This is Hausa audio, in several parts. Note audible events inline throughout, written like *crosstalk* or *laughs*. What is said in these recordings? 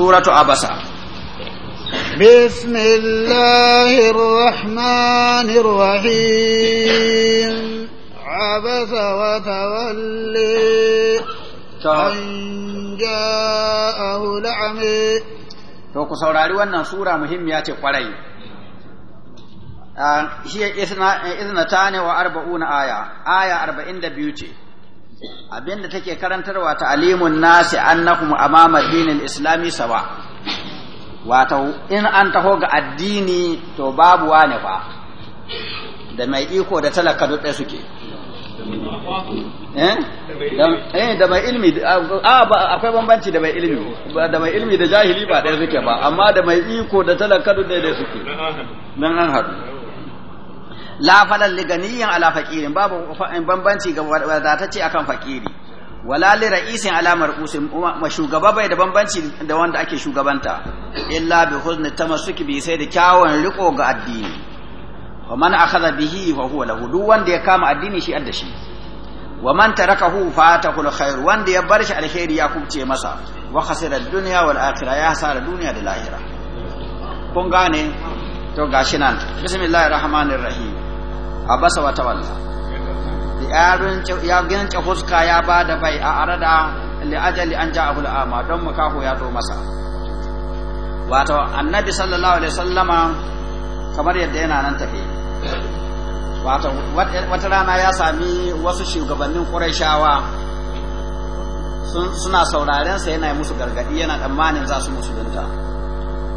suratu abasa bismillahir rahmanir rahim abasa wa tawalli an ja'ahu al'ami to ku saurari wannan sura muhimmiya ce kwarai shi ah, izna eh, izna tane wa arba'una aya aya 42 ce abinda take karantarwa ta'alimun nasi annahum amama dinin islami sawa wato in an taho ga addini to babu wane fa da mai iko da talaka duk ɗaya suke eh, eh da mai ilmi a akwai bambanci da mai ilmi da mai ilmi da jahili ba ɗaya suke ba amma da mai iko da talaka duk ɗaya suke nan an haɗu Lafalan falal li ala babu bambanci ga wadatacce akan fakiri wala li ra'isin ala mar'usin ma shugaba bai da bambanci da wanda ake shugabanta illa bi huzni tamassuki bi sai da kyawun riko ga addini wa man akhadha bihi wa huwa lahu duk wanda ya kama addini shi adda shi wa man tarakahu fatahu alkhair wanda ya bar shi alkhairi ya kubce masa wa khasira ad-dunya wal akhirah ya hasara duniya da lahira kun gane to gashi nan bismillahir rahmanir rahim abasa wata walla ya gince huska ya ba da bai a arada li'ajali an ja ahul ama don makaho ya zo masa wato annabi sallallahu alaihi sallama kamar yadda yana nan tafi wato wata rana ya sami wasu shugabannin ƙurashawa suna sauraren sa yana musu gargadi yana tsammanin za su musulunta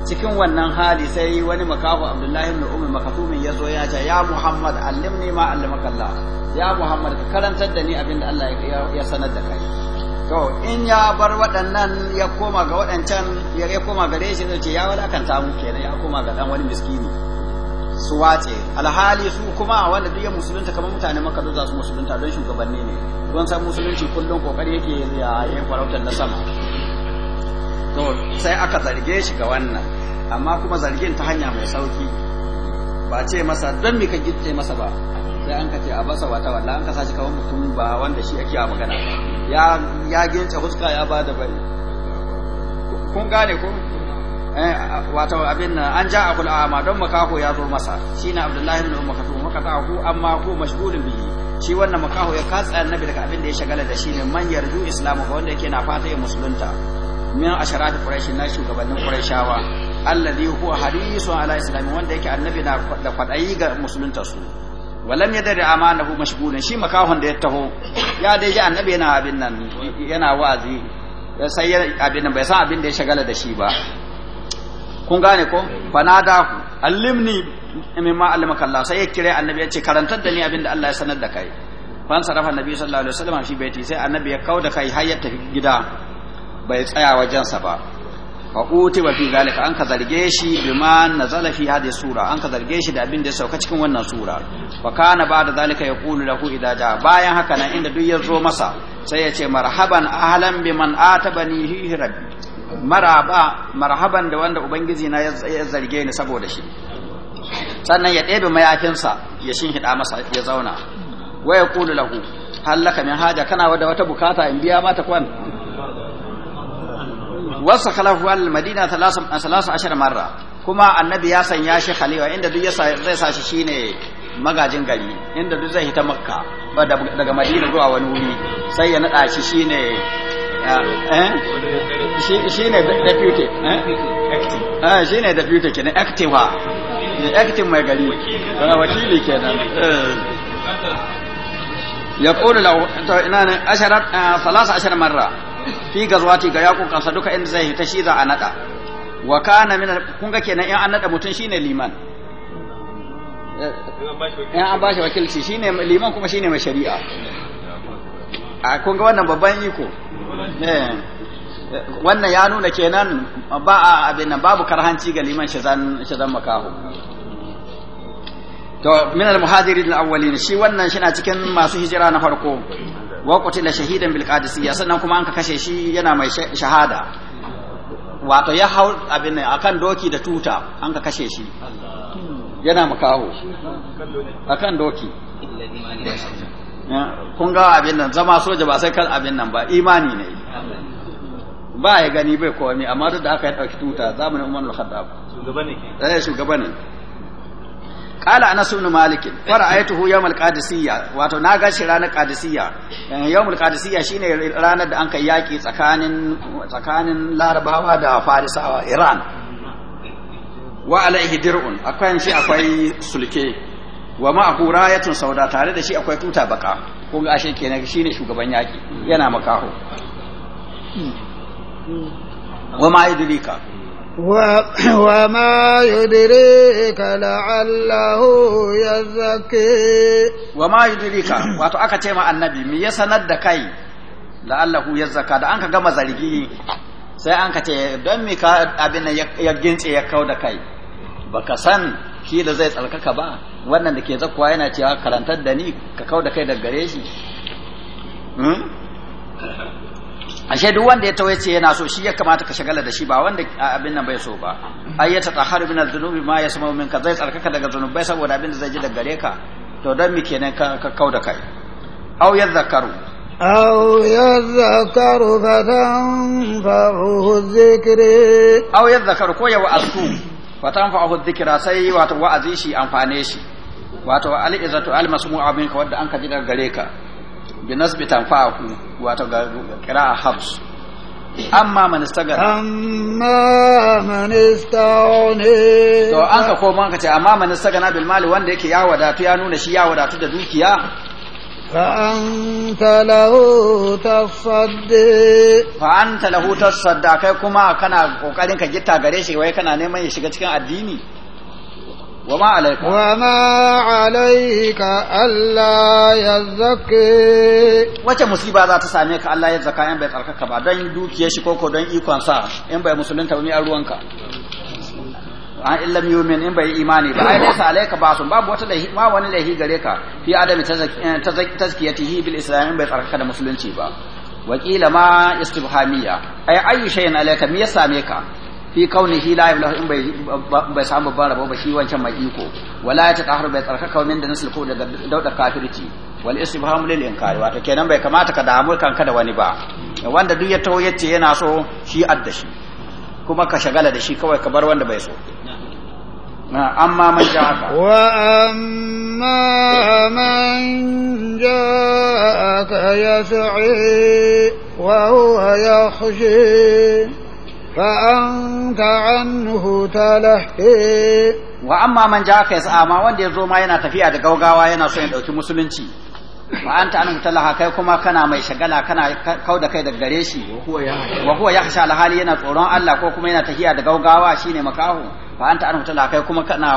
cikin wannan hali sai wani makafu abdullahi ibn ummi makafumin ya zo ya ce ya muhammad allimni ma allamaka allah ya muhammad ka karantar da ni abinda allah ya sanar da kai to in ya bar waɗannan ya koma ga waɗancan ya koma gare shi ne ce ya walakanta mu kenan ya koma ga dan wani miskini su wace alhali su kuma wanda duk ya musulunta kamar mutane maka za su musulunta don shugabanni ne don san musulunci kullum kokari yake ya yi farautar na sama to sai aka zarge shi ga wannan amma kuma zargin ta hanya mai sauki ba ce masa don mika gitse masa ba sai an kace a basa wata walla an kasa shi kawai mutum ba wanda shi ake a magana ya ya gince huska ya ba da bari kun gane ko eh, wato abin nan an ja akul ama don makaho ya zo masa shine abdullahi ibn umma katum ku amma ko mashgulin bi shi wannan makaho ya katsa annabi daga abin da ya shagala da shi ne man yarju islamu ga wanda yake na fata ya musulunta min asharati quraish na shugabannin quraishawa alladhi huwa harisun ala islami wanda yake annabi na da kwadayi ga musulunta su walam yadri amanahu mashghulun shi makahon da ya taho ya dai ji annabi yana abin nan yana wazi sai abin nan bai san abin da ya shagala da shi ba kun gane ko fanadahu allimni mimma allamaka Allah sai ya kire annabi ya ce karantar da ni abin da Allah ya sanar da kai fan sarafa annabi sallallahu alaihi wasallam fi baiti sai annabi ya kauda kai har ya tafi gida bai tsaya wajensa ba wa utiba fi zalika an ka zarge shi bima nazala fi hadi sura an ka zarge shi da abin da ya sauka cikin wannan sura fa kana ba'da zalika yaqulu lahu idza da bayan haka nan inda duk ya zo masa sai ya ce marhaban ahlan biman atabani hi rabbi maraba marhaban da wanda ubangiji na ya zarge ni saboda shi sannan ya ɗebe mayafinsa ya shinhiɗa masa ya zauna wa yaqulu lahu hallaka min haja kana da wata bukata in biya mata kwan wasakhalahu al madina marra kuma annabi ya sanya shi khalifa inda duk zai sa shi shine magajin gari inda duk zai hita makka daga madina zuwa wani wuri sai ya nada shi shine eh, eh? shine deputy eh? eh shine deputy kenan activa active mai gari wakili kenan fi gazwati ga yakukansa duka inda zai hita shi za a nada wa kana min kun ga kenan in an nada mutun shine liman in an bashi wakilci shine liman kuma shine mai shari'a a kun ga wannan babban iko eh. wannan ya nuna kenan ba a abin nan babu karhanci ga liman shazan shazan makaho to min al muhajirin al awwalin shi wannan shi na cikin masu hijira na farko wa qutila shahidan bil qadisiyya sannan kuma an ka kashe shi yana mai shahada wato ya hau abin akan doki da tuta an ka kashe shi yana makaho akan doki kun ga abin nan zama soja ba sai kan abin nan ba imani ne ba ya gani bai komai amma duk da aka ya dauki tuta zamanin Umar al-Khattab shugaba ne eh shugaba ne qala anas ibn malik fara'aytuhu yawm al-qadisiyya wato na ga ranar qadisiyya eh, yawm al-qadisiyya shine ranar da an kai yaki tsakanin tsakanin larabawa da farisawa iran wa alaihi dir'un akwai shi akwai sulke wa ma ma'ahu rayatun sauda tare da shi akwai tuta baka ko ga ashe kenan shine shugaban yaki yana makaho wa ma idrika وما يدريك لعله يزكي وما يدريك واتو aka ce ma annabi me ya sanar da kai la'allahu yazzaka da anka gama zargi sai anka ce don me ka abin ya gince ya kau da kai baka san da zai tsarkaka ba wannan da ke zakkuwa yana cewa karantar da ni ka kau da kai daga gare shi hmm? ashe duk wanda ya tawaye ce yana so shi ya kamata ka shagala da shi ba wanda abin nan bai so ba ai ya tatahharu min al dhunubi ma min ka zai tsarkaka daga zunubai saboda abin da zai ji daga gare ka to dan mi kenan ka da kai aw yadhakkaru aw yadhakkaru fatanfa'uhu dhikri aw zakaru ko ya wa'azu fatanfa'uhu dhikra sai wato wa'azi shi amfane shi wato al-izatu al-masmu'a ka wanda an ka ji daga gare ka bi nasbi tanfa'u wato ga qira'a hafs amma man istagar amma man istawne to an ka koma ka ce amma man istagana bil mali wanda yake ya wadatu ya nuna shi ya wadatu da dukiya fa anta lahu tasaddi fa anta lahu tasadda kai kuma kana kokarin ka gitta gare shi wai kana neman ya shiga cikin addini وما عليك وما عليك ألا يزكي wace musiba za ta same ka Allah ya zaka in bai tsarkaka ba don dukiyar shi koko don ikon in bai ba an ruwanka illam yumin in bai imani ba ai laysa alayka basun babu wata lahi ma wani gare ka fi adam hi bil islam in bai tsarkaka da musulunci ba wakila ma istibhamiya ai ayu shay'in me ya same ka fi kauni shi la yablahu in bai samu babban ba shi wancan mai iko wala ya tatahar bai tsarka kaumin da nasul ko daga dauda kafirci wal istifhamu lil inkari wato kenan bai kamata ka damu kanka da wani ba wanda duk ya tawo yace yana so shi adda shi kuma ka shagala da shi kawai ka bar wanda bai so amma man ka. wa amma man ja ja'aka yas'i wa huwa yahshi فأنت عنه تلهي وأما من جاءك يسعى ما وند يزو ما ينا تفيا da gaugawa yana so ya ɗauki musulunci wa anta an mutalaha kai kuma kana mai shagala kana kauda kai daga gare shi wa huwa yahsha yana tsoron Allah ko kuma yana tafiya da gaugawa shine makaho fa anta an mutalaha kai kuma kana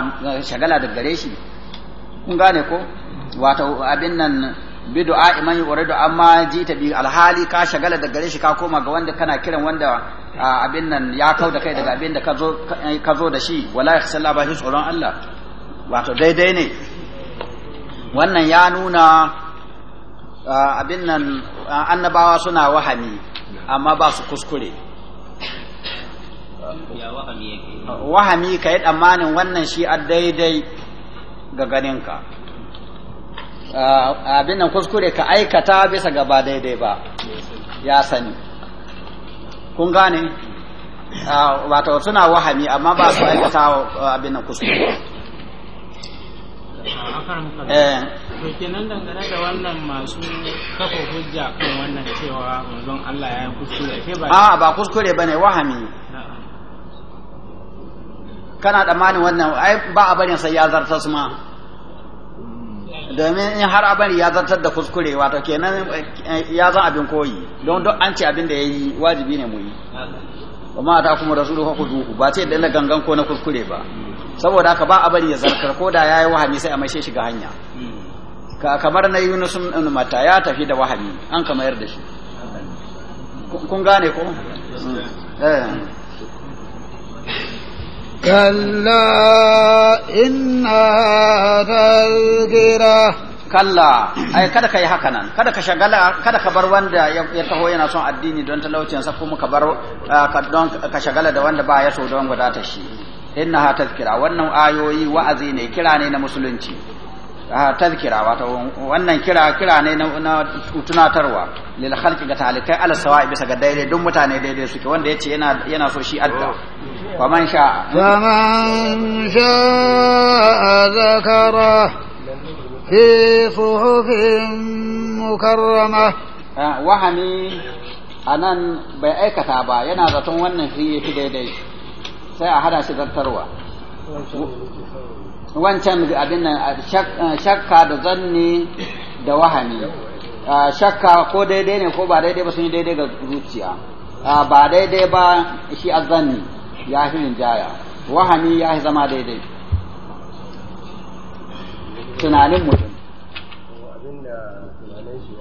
shagala daga gare shi kun ko wato abin nan bi du'a iman yuridu amma ji ta bi alhali ka shagala da gare shi ka koma ga wanda kana kiran wanda abin nan ya kau da kai daga abin da ka zo da shi wala ya khasalla ba shi tsoron Allah wato daidai ne wannan ya nuna abin nan annabawa suna wahami amma ba su kuskure wahami ka yi tsammanin wannan shi a daidai ga ganinka Ah, abin nan kuskure ka aikata bisa gaba daidai ba ya sani kun gane ah, wato suna wahami amma ba su aikata ah, abin nan kuskure eh. to kenan dangane da wannan masu kafa hujja kan wannan cewa manzon Allah ya kuskure ke ba a ba kuskure bane wahami kana tsammanin wannan ai ba a barin sai ya zartar su ma domin in har abin ya zartar da kuskure wato kenan eh, ya zan abin koyi don duk an ce abin da ya yi wajibi ne mu yi kuma ta kuma da ku kuduhu ba ce da na gangan ko na kuskure ba saboda ka ba abin ya zarkar ko da ya yi wahami sai a mashe shiga ga hanya kamar na yunus ibn mata ya tafi da wahami an kamar da shi kun gane ko كلا إنها تذكرة kalla ai kada ka yi haka kada ka shagala kada ka bar wanda ya taho yana son addini don sa kuma ka bar ka shagala da wanda ba ya so don wadata shi inna ha wannan ayoyi wa'azi ne kira ne na musulunci tazkira wato wannan kira kira ne na tunatarwa lil khalqi ga talikai ala sawa'i bisa ga daidai don mutane daidai suke wanda yace yana yana so shi adda wa man sha wa man sha zakara fi suhufin mukarrama wahami anan bai aikata ba yana zaton wannan shi yake daidai sai a hada shi zartarwa wancan abin nan shakka da zanni da wahani shakka ko daidai ne ko ba daidai ba sun yi daidai ga zuciya ba daidai ba shi a zanni ya fi jaya wahani ya fi zama daidai tunanin mutum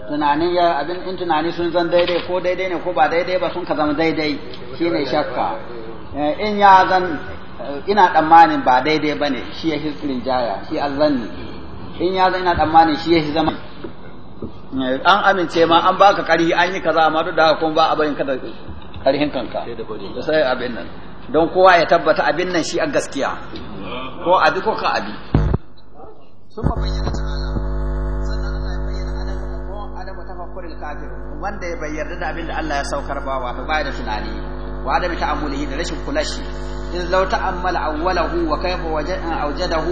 tunanin ya abin in tunani sun zan daidai ko daidai ne ko ba daidai ba sun ka zama daidai shine shakka eh, in ya zan ina tsammanin ba daidai ba ne shi ya hisrin jaya shi azanni in ya zai ina tsammanin shi ya shi zama an amince ma an baka karhi an yi kaza amma duk da haka kuma ba abin ka kada karhin kanka sai abin nan don kowa ya tabbata abin nan shi a gaskiya ko abi ko ka abi sun bayyana ta bayyana wanda ya bayyana da abin da Allah ya saukar ba wa baya da tunani wa ta ta'amulihi da rashin kulashi إذ لو تأمل أوله وكيف أوجده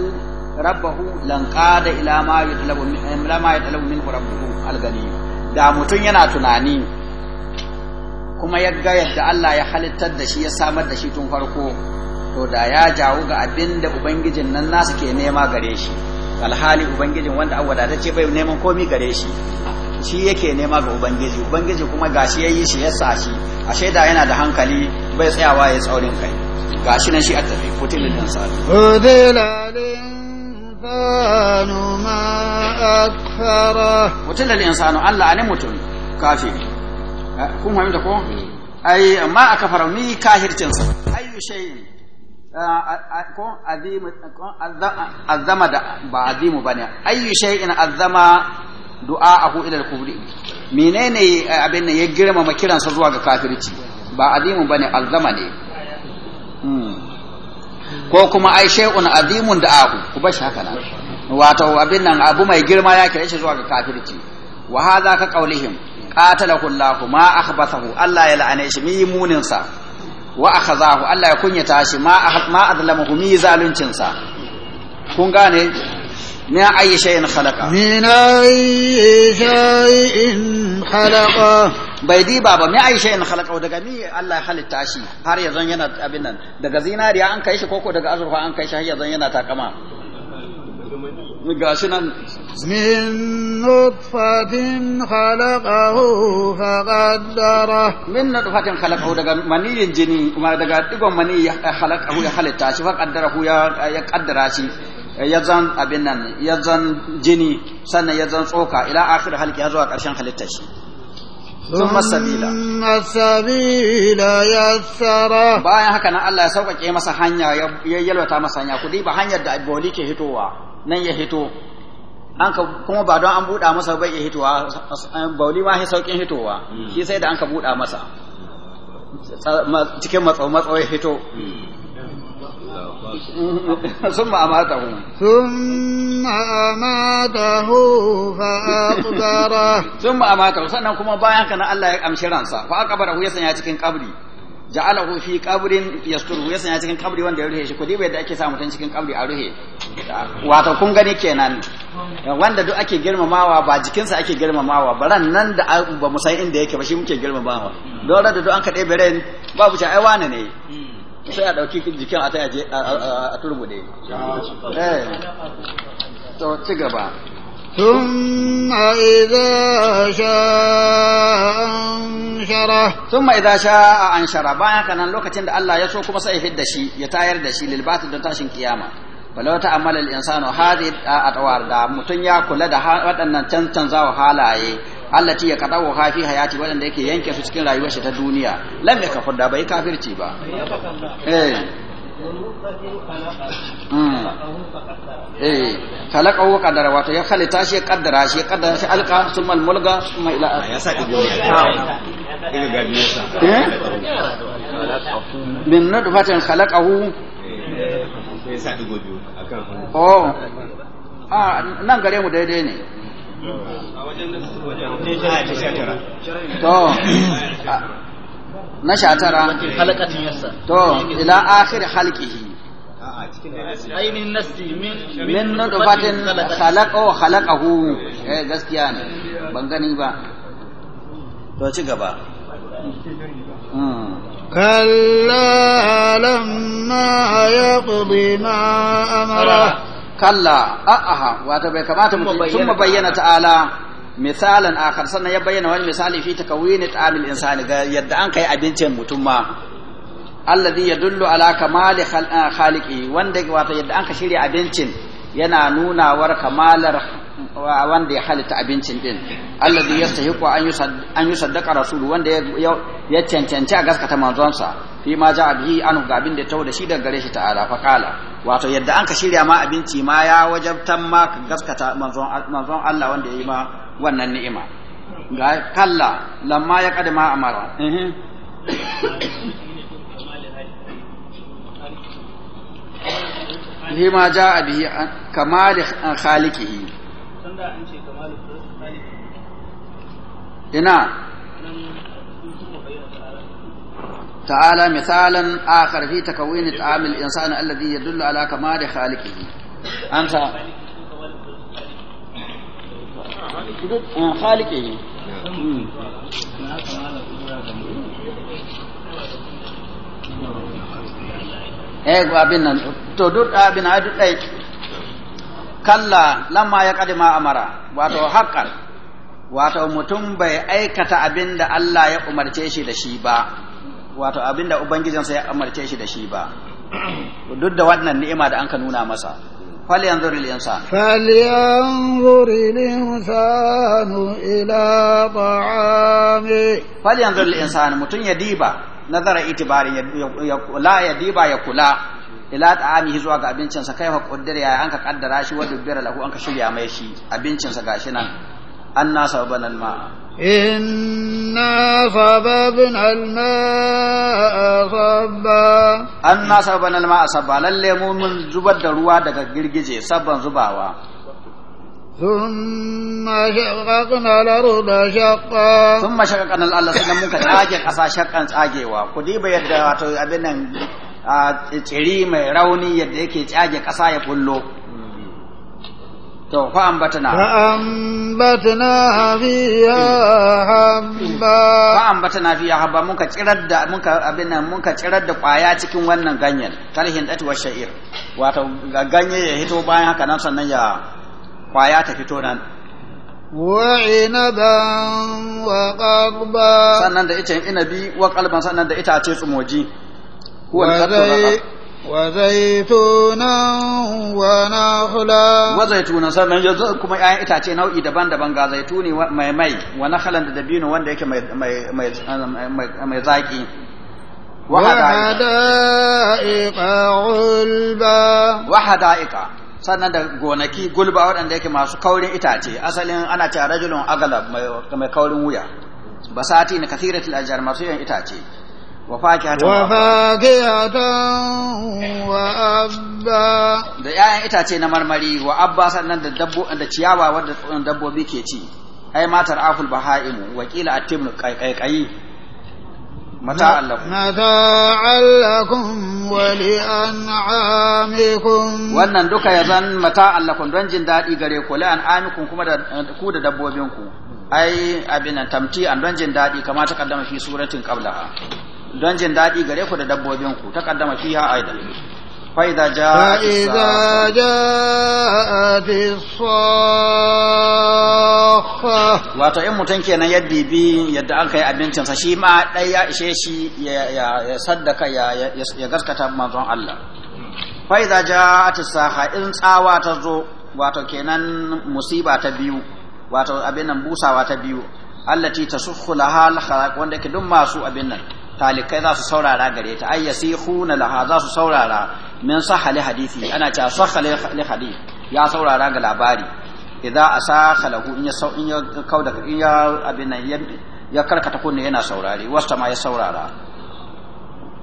ربه لانقاد إلى ما يطلب إلى ما يطلب منه ربه الغني da mutum yana tunani kuma ya ga yadda Allah ya halittar da shi ya samar da shi tun farko to da ya jawo ga abin da ubangijin nan nasu ke nema gare shi alhali ubangijin wanda an wadatacce bai neman komi gare shi shi yake nema ga ubangiji ubangiji kuma gashi yayi shi ya sa shi a shaida yana da hankali bai tsayawa ya tsaurin kai ga shi nan shi a tafi kutilin nan sa'adu kutilin insanu Allah ne mutum kafiri eh, kun fahimta ko hmm. ai amma aka fara mi kahircin sa ayu shay'in eh, ko azimu da ba azimu bane ayu shay'in azama du'a'ahu ila al-kufri menene eh, abin nan ya girmama kiransa zuwa ga kafirci ba adimu bane alzama ne hmm. ko kuma ai shay'un adimun da'ahu ku bashi haka nan wato abin nan abu mai girma ya kira shi zuwa ga kafirci wa hadha ka qaulihim qatalahu Allah ma akhbathahu Allah ya la'ane shi mi munin sa wa akhazahu Allah ya kunyata shi ma ma azlamahu mi zaluncin sa kun gane من أي شيء خلقه من أي شيء خلقه bai diba ba mai aisha in halaka daga mi Allah ya halitta shi har ya zan yana abin nan daga zinariya an kai koko daga azurfa an kai har ya zan yana takama gashi nan min nutfatin khalaqahu faqaddara min nutfatin khalaqahu daga maniyin jini kuma daga digon mani ya khalaqahu ya halitta shi faqaddara ya ya kaddara shi Eh, yazan abin nan yazan jini sannan yazan tsoka ila akhir halki ya zo a ƙarshen halittar shi ثم السبيل السبيل يسره bayan haka nan Allah ya sauƙaƙe masa hanya ya yalwata masa hanya ku ba hanyar da boli ke hitowa nan ya hito an ka kuma ba don an buɗa masa bai ya hitowa boli ma ya sauƙin hitowa hmm. shi sai da an ka buɗa masa cikin matsawo matsawo ya hito hmm. ثم أماته ثم أماته فأقبره ثم أماته kuma bayan kana Allah ya amshi ransa fa aqbarahu ya sanya cikin kabri ja'alahu sanya cikin kabri kudi bai da sa mutun cikin kabri a ruhe wato gani kenan wanda duk ake girmamawa ba jikinsa ake girmamawa inda yake ba shi muke girmamawa dole da duk an babu ta ai wane sai a ɗauki jikin a taya a turmude. Eh. To ci gaba. ثم إذا an shara bayan kanan lokacin da Allah ya so kuma sai ya shi ya tayar da shi lilbatu don tashin kiyama Bala ta'ammala al-insanu hadhihi atwar da mutun ya kula da waɗannan canzawa halaye allati ya kadawo hafi hayati wanda yake yanke su cikin rayuwar shi ta duniya lam ya kafir da bai kafirci ba eh hmm. eh khalaqahu qadara wato ya khalita shi qaddara shi qaddara shi alqa summa mulga summa ila ya sa ido ne ga nesa eh min nudfatin khalaqahu eh, ya sa ido akan oh ah nan gare mu daidai ne to na sha tara yassa to ila akhir halqihi ai min nasti min nutfatin khalaqa khalaqahu eh gaskiya ne ban gani ba to ci gaba كلا hmm. لما kalla a'aha wato bai kamata mutum sun bayyana ta'ala misalan akhar sannan ya bayyana wani misali fi takawini ta'amil insani ga yadda an kai abincin mutum ma alladhi yadullu ala kamali ah, khaliqi wanda wato yadda an ka shirya abincin yana nunawar kamalar wanda ya halitta abincin din alladhi yastahiqu an yusaddaqa rasulu wanda ya cancanci a gaskata sa fi ma ja bihi anu ga abin da tawo da shi daga gare shi ta'ala fa kala wato yadda an ka shirya ma abinci ma ya wajabtan ma ka gaskata manzon manzon Allah wanda yayi ma wannan ni'ima ga kalla lamma ya kadama amara eh ma ja bihi kamal khaliqihi tunda an ce kamal khaliqihi ina تعالى مثالا آخر في تكوين طعام الإنسان الذي يدل على كمال خالقه أنت خالقه eh abin nan to duk abin a duk ɗai kalla lamma ya kadima amara wato haƙar wato mutum bai aikata abin da Allah ya umarce shi da shi ba wato abinda ubangijinsa ya amarce shi da shi ba duk da wannan ni'ima da anka nuna masa فلينظر الإنسان فلينظر insan mutun ya diba nazara itibari ya kula ya diba ya kula ila ta'ami zuwa ga abincinsa kai fa kuddar ya an ka kaddara shi wa dubbira lahu an ka shirya mai shi abincinsa gashi nan an nasa banan ma إنا صببنا الماء صبا أنا صببنا الماء صبا للي من زبد دروا دقا جرجي صبا زباوا ثم شققنا الأرض شقا ثم شققنا الأرض سنة ممكن تاجي قصا شقا تاجي وا قديبا بيد أبنا tsiri mai rauni yadda yake tsage ƙasa ya kullo to fa ambatana fa ambatana fiha habba fa ambatana fiha habba muka tsirar da muka abin nan muka tsirar da kwaya cikin wannan ganyen kalhin datu sha'ir wato ganye ya hito bayan haka nan sannan ya kwaya ta fito nan wa'inaban wa qalba sannan da ita inabi wa qalban sannan da ce tsumoji huwa al wazaitunan wa nakhla wazaitunan sannan kuma ƴaƴan itace nau'i daban-daban ga zaituni mai mai wa nakhlan da dabino wanda yake mai mai mai mai zaki wahada'iqa gulba wahada'iqa sannan da gonaki gulba waɗanda yake masu kaurin itace asalin ana cewa rajulun agalab mai kaurin wuya basati na kathiratul ajar masu yan itace وفاكهة وفاكهة وأبا da ƴaƴan itace na marmari wa abba sannan da dabbo da ciyawa wadda dabbobi ke ci ai matar aful bahaimu wakila atimnu kaikai mata allakum mata allakum wa li an'amikum wannan duka ya yazan mata allakum don jin daɗi gare ku li an'amikum kuma da ku da dabbobinku ai abin tamti an don jin daɗi kamar ta kaddama fi suratin qablaha don jin daɗi gare ku da dabbobin ku taqaddama fiha aidan فإذا جاء فإذا fi الصاخة wato in mutum kenan ya bi yadda an kai abincinsa shi ma ɗai ya ishe shi ya saddaka ya gaskata manzon Allah faida ja a as in tsawa ta zo wato kenan musiba ta biyu wato abin busawa ta biyu allati tasukhu laha al-khalaq wanda ke duk masu abin nan talikai za su saurara gare ta ay na laha za su saurara min sahali hadisi ana cewa sahali hadisi ya saurara ga labari idza asa khalahu in ya sau in ya da in ya abin nan ya karkata kunne yana saurare wasta ma ya saurara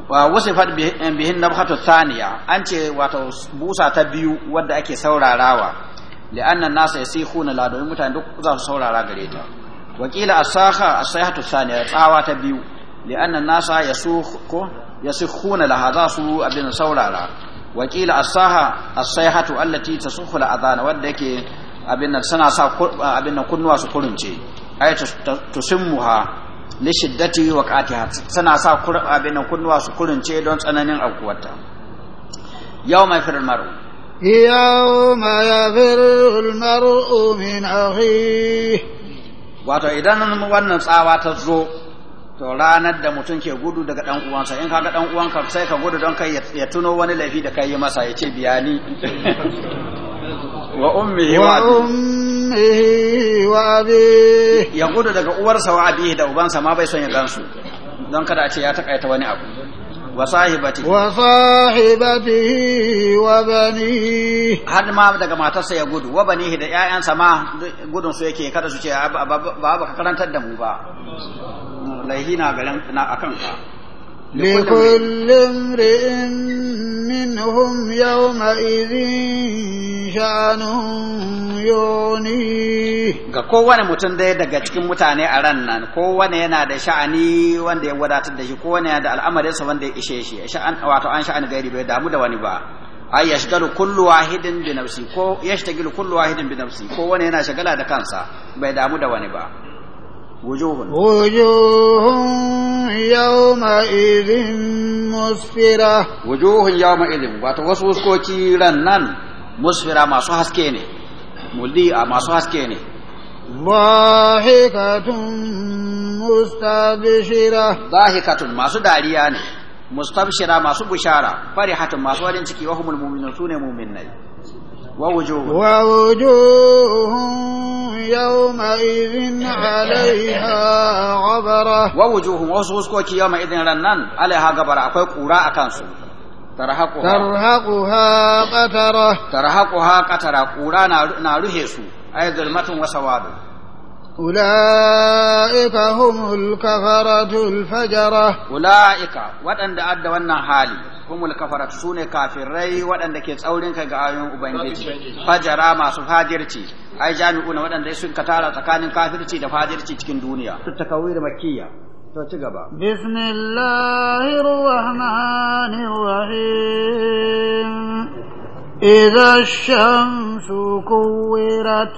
wa wasifat bihin nabhatu thaniya an ce wato busa ta biyu wadda ake saurarawa li'anna an-nasa yasikhuna la domin mutane duk za su saurara gare ta wakila asaha asaihatu thaniya tsawa ta biyu li'anna nasa yasukhu yasikhuna laha za su abin saurara wakila asaha asaihatu allati tasukhu al'adana wanda yake abin nan suna sa abin nan kunnuwa su kurunce ay tusimmuha li shiddati wa qatiha suna sa abin nan kunnuwa su kurunce don tsananin aukuwarta yawma yafirul mar'u yawma yafirul mar'u min wato idan wannan tsawa ta zo to ranar da mutum ke gudu daga dan uwansa in kaga dan uwanka sai ka gudu don kai ya tuno wani laifi da kai yi masa ya ce biya wa ummihi wa ummihi wa abi ya gudu daga uwarsa wa abi da ubansa ma bai son ya gansu don kada a ce ya takaita wani abu وصاحبته وصاحبته وبنيه har ma daga matarsa ya gudu wa banihi da 'ya'yansa ma gudun su yake kada su ce ba ka karantar da mu ba laihi na garin na akan ka لكل امرئ منهم يومئذ شأن يغنيه ga kowane mutum dai daga cikin mutane a ran nan kowane yana da sha'ani wanda ya wadatar da shi kowane yana da al'amarinsa wanda ya ishe shi sha'an wato an sha'ani gairi bai damu da wani ba ai yashgalu kullu wahidin bi nafsi ko yashtagilu kullu wahidin bi nafsi ko wani yana shagala da kansa bai damu da wani ba وجوه وجوه يومئذ مسفرة وجوه يومئذ واتوسوس كوكي رنان مسفرة ما سو حسكيني مليئة ما سو حسكيني ضاحكة mustabshira dahikatun masu dariya ne mustabshira masu fari farihatun masu warin ciki wa humul sune mu'minai ووجوه ووجوه يومئذ عليها غبرة ووجوه وسوسكوك يومئذ رنان عليها غبرة أكوي قراء كانسو ترهقها ترهقها قترة ترهقها قترة قراء نارهسو أي ظلمة وسواد أولئك هم الكفرة الفجرة أولئك وأن أدى حالي humul kafarat sune kafirai waɗanda ke tsaurin ka ga ayoyin ubangiji fajara masu fajirci ai jami'una waɗanda sun ka tara tsakanin kafirci da fajirci cikin duniya takawir makkiya to ci gaba bismillahir rahmanir rahim idza shamsu kuwirat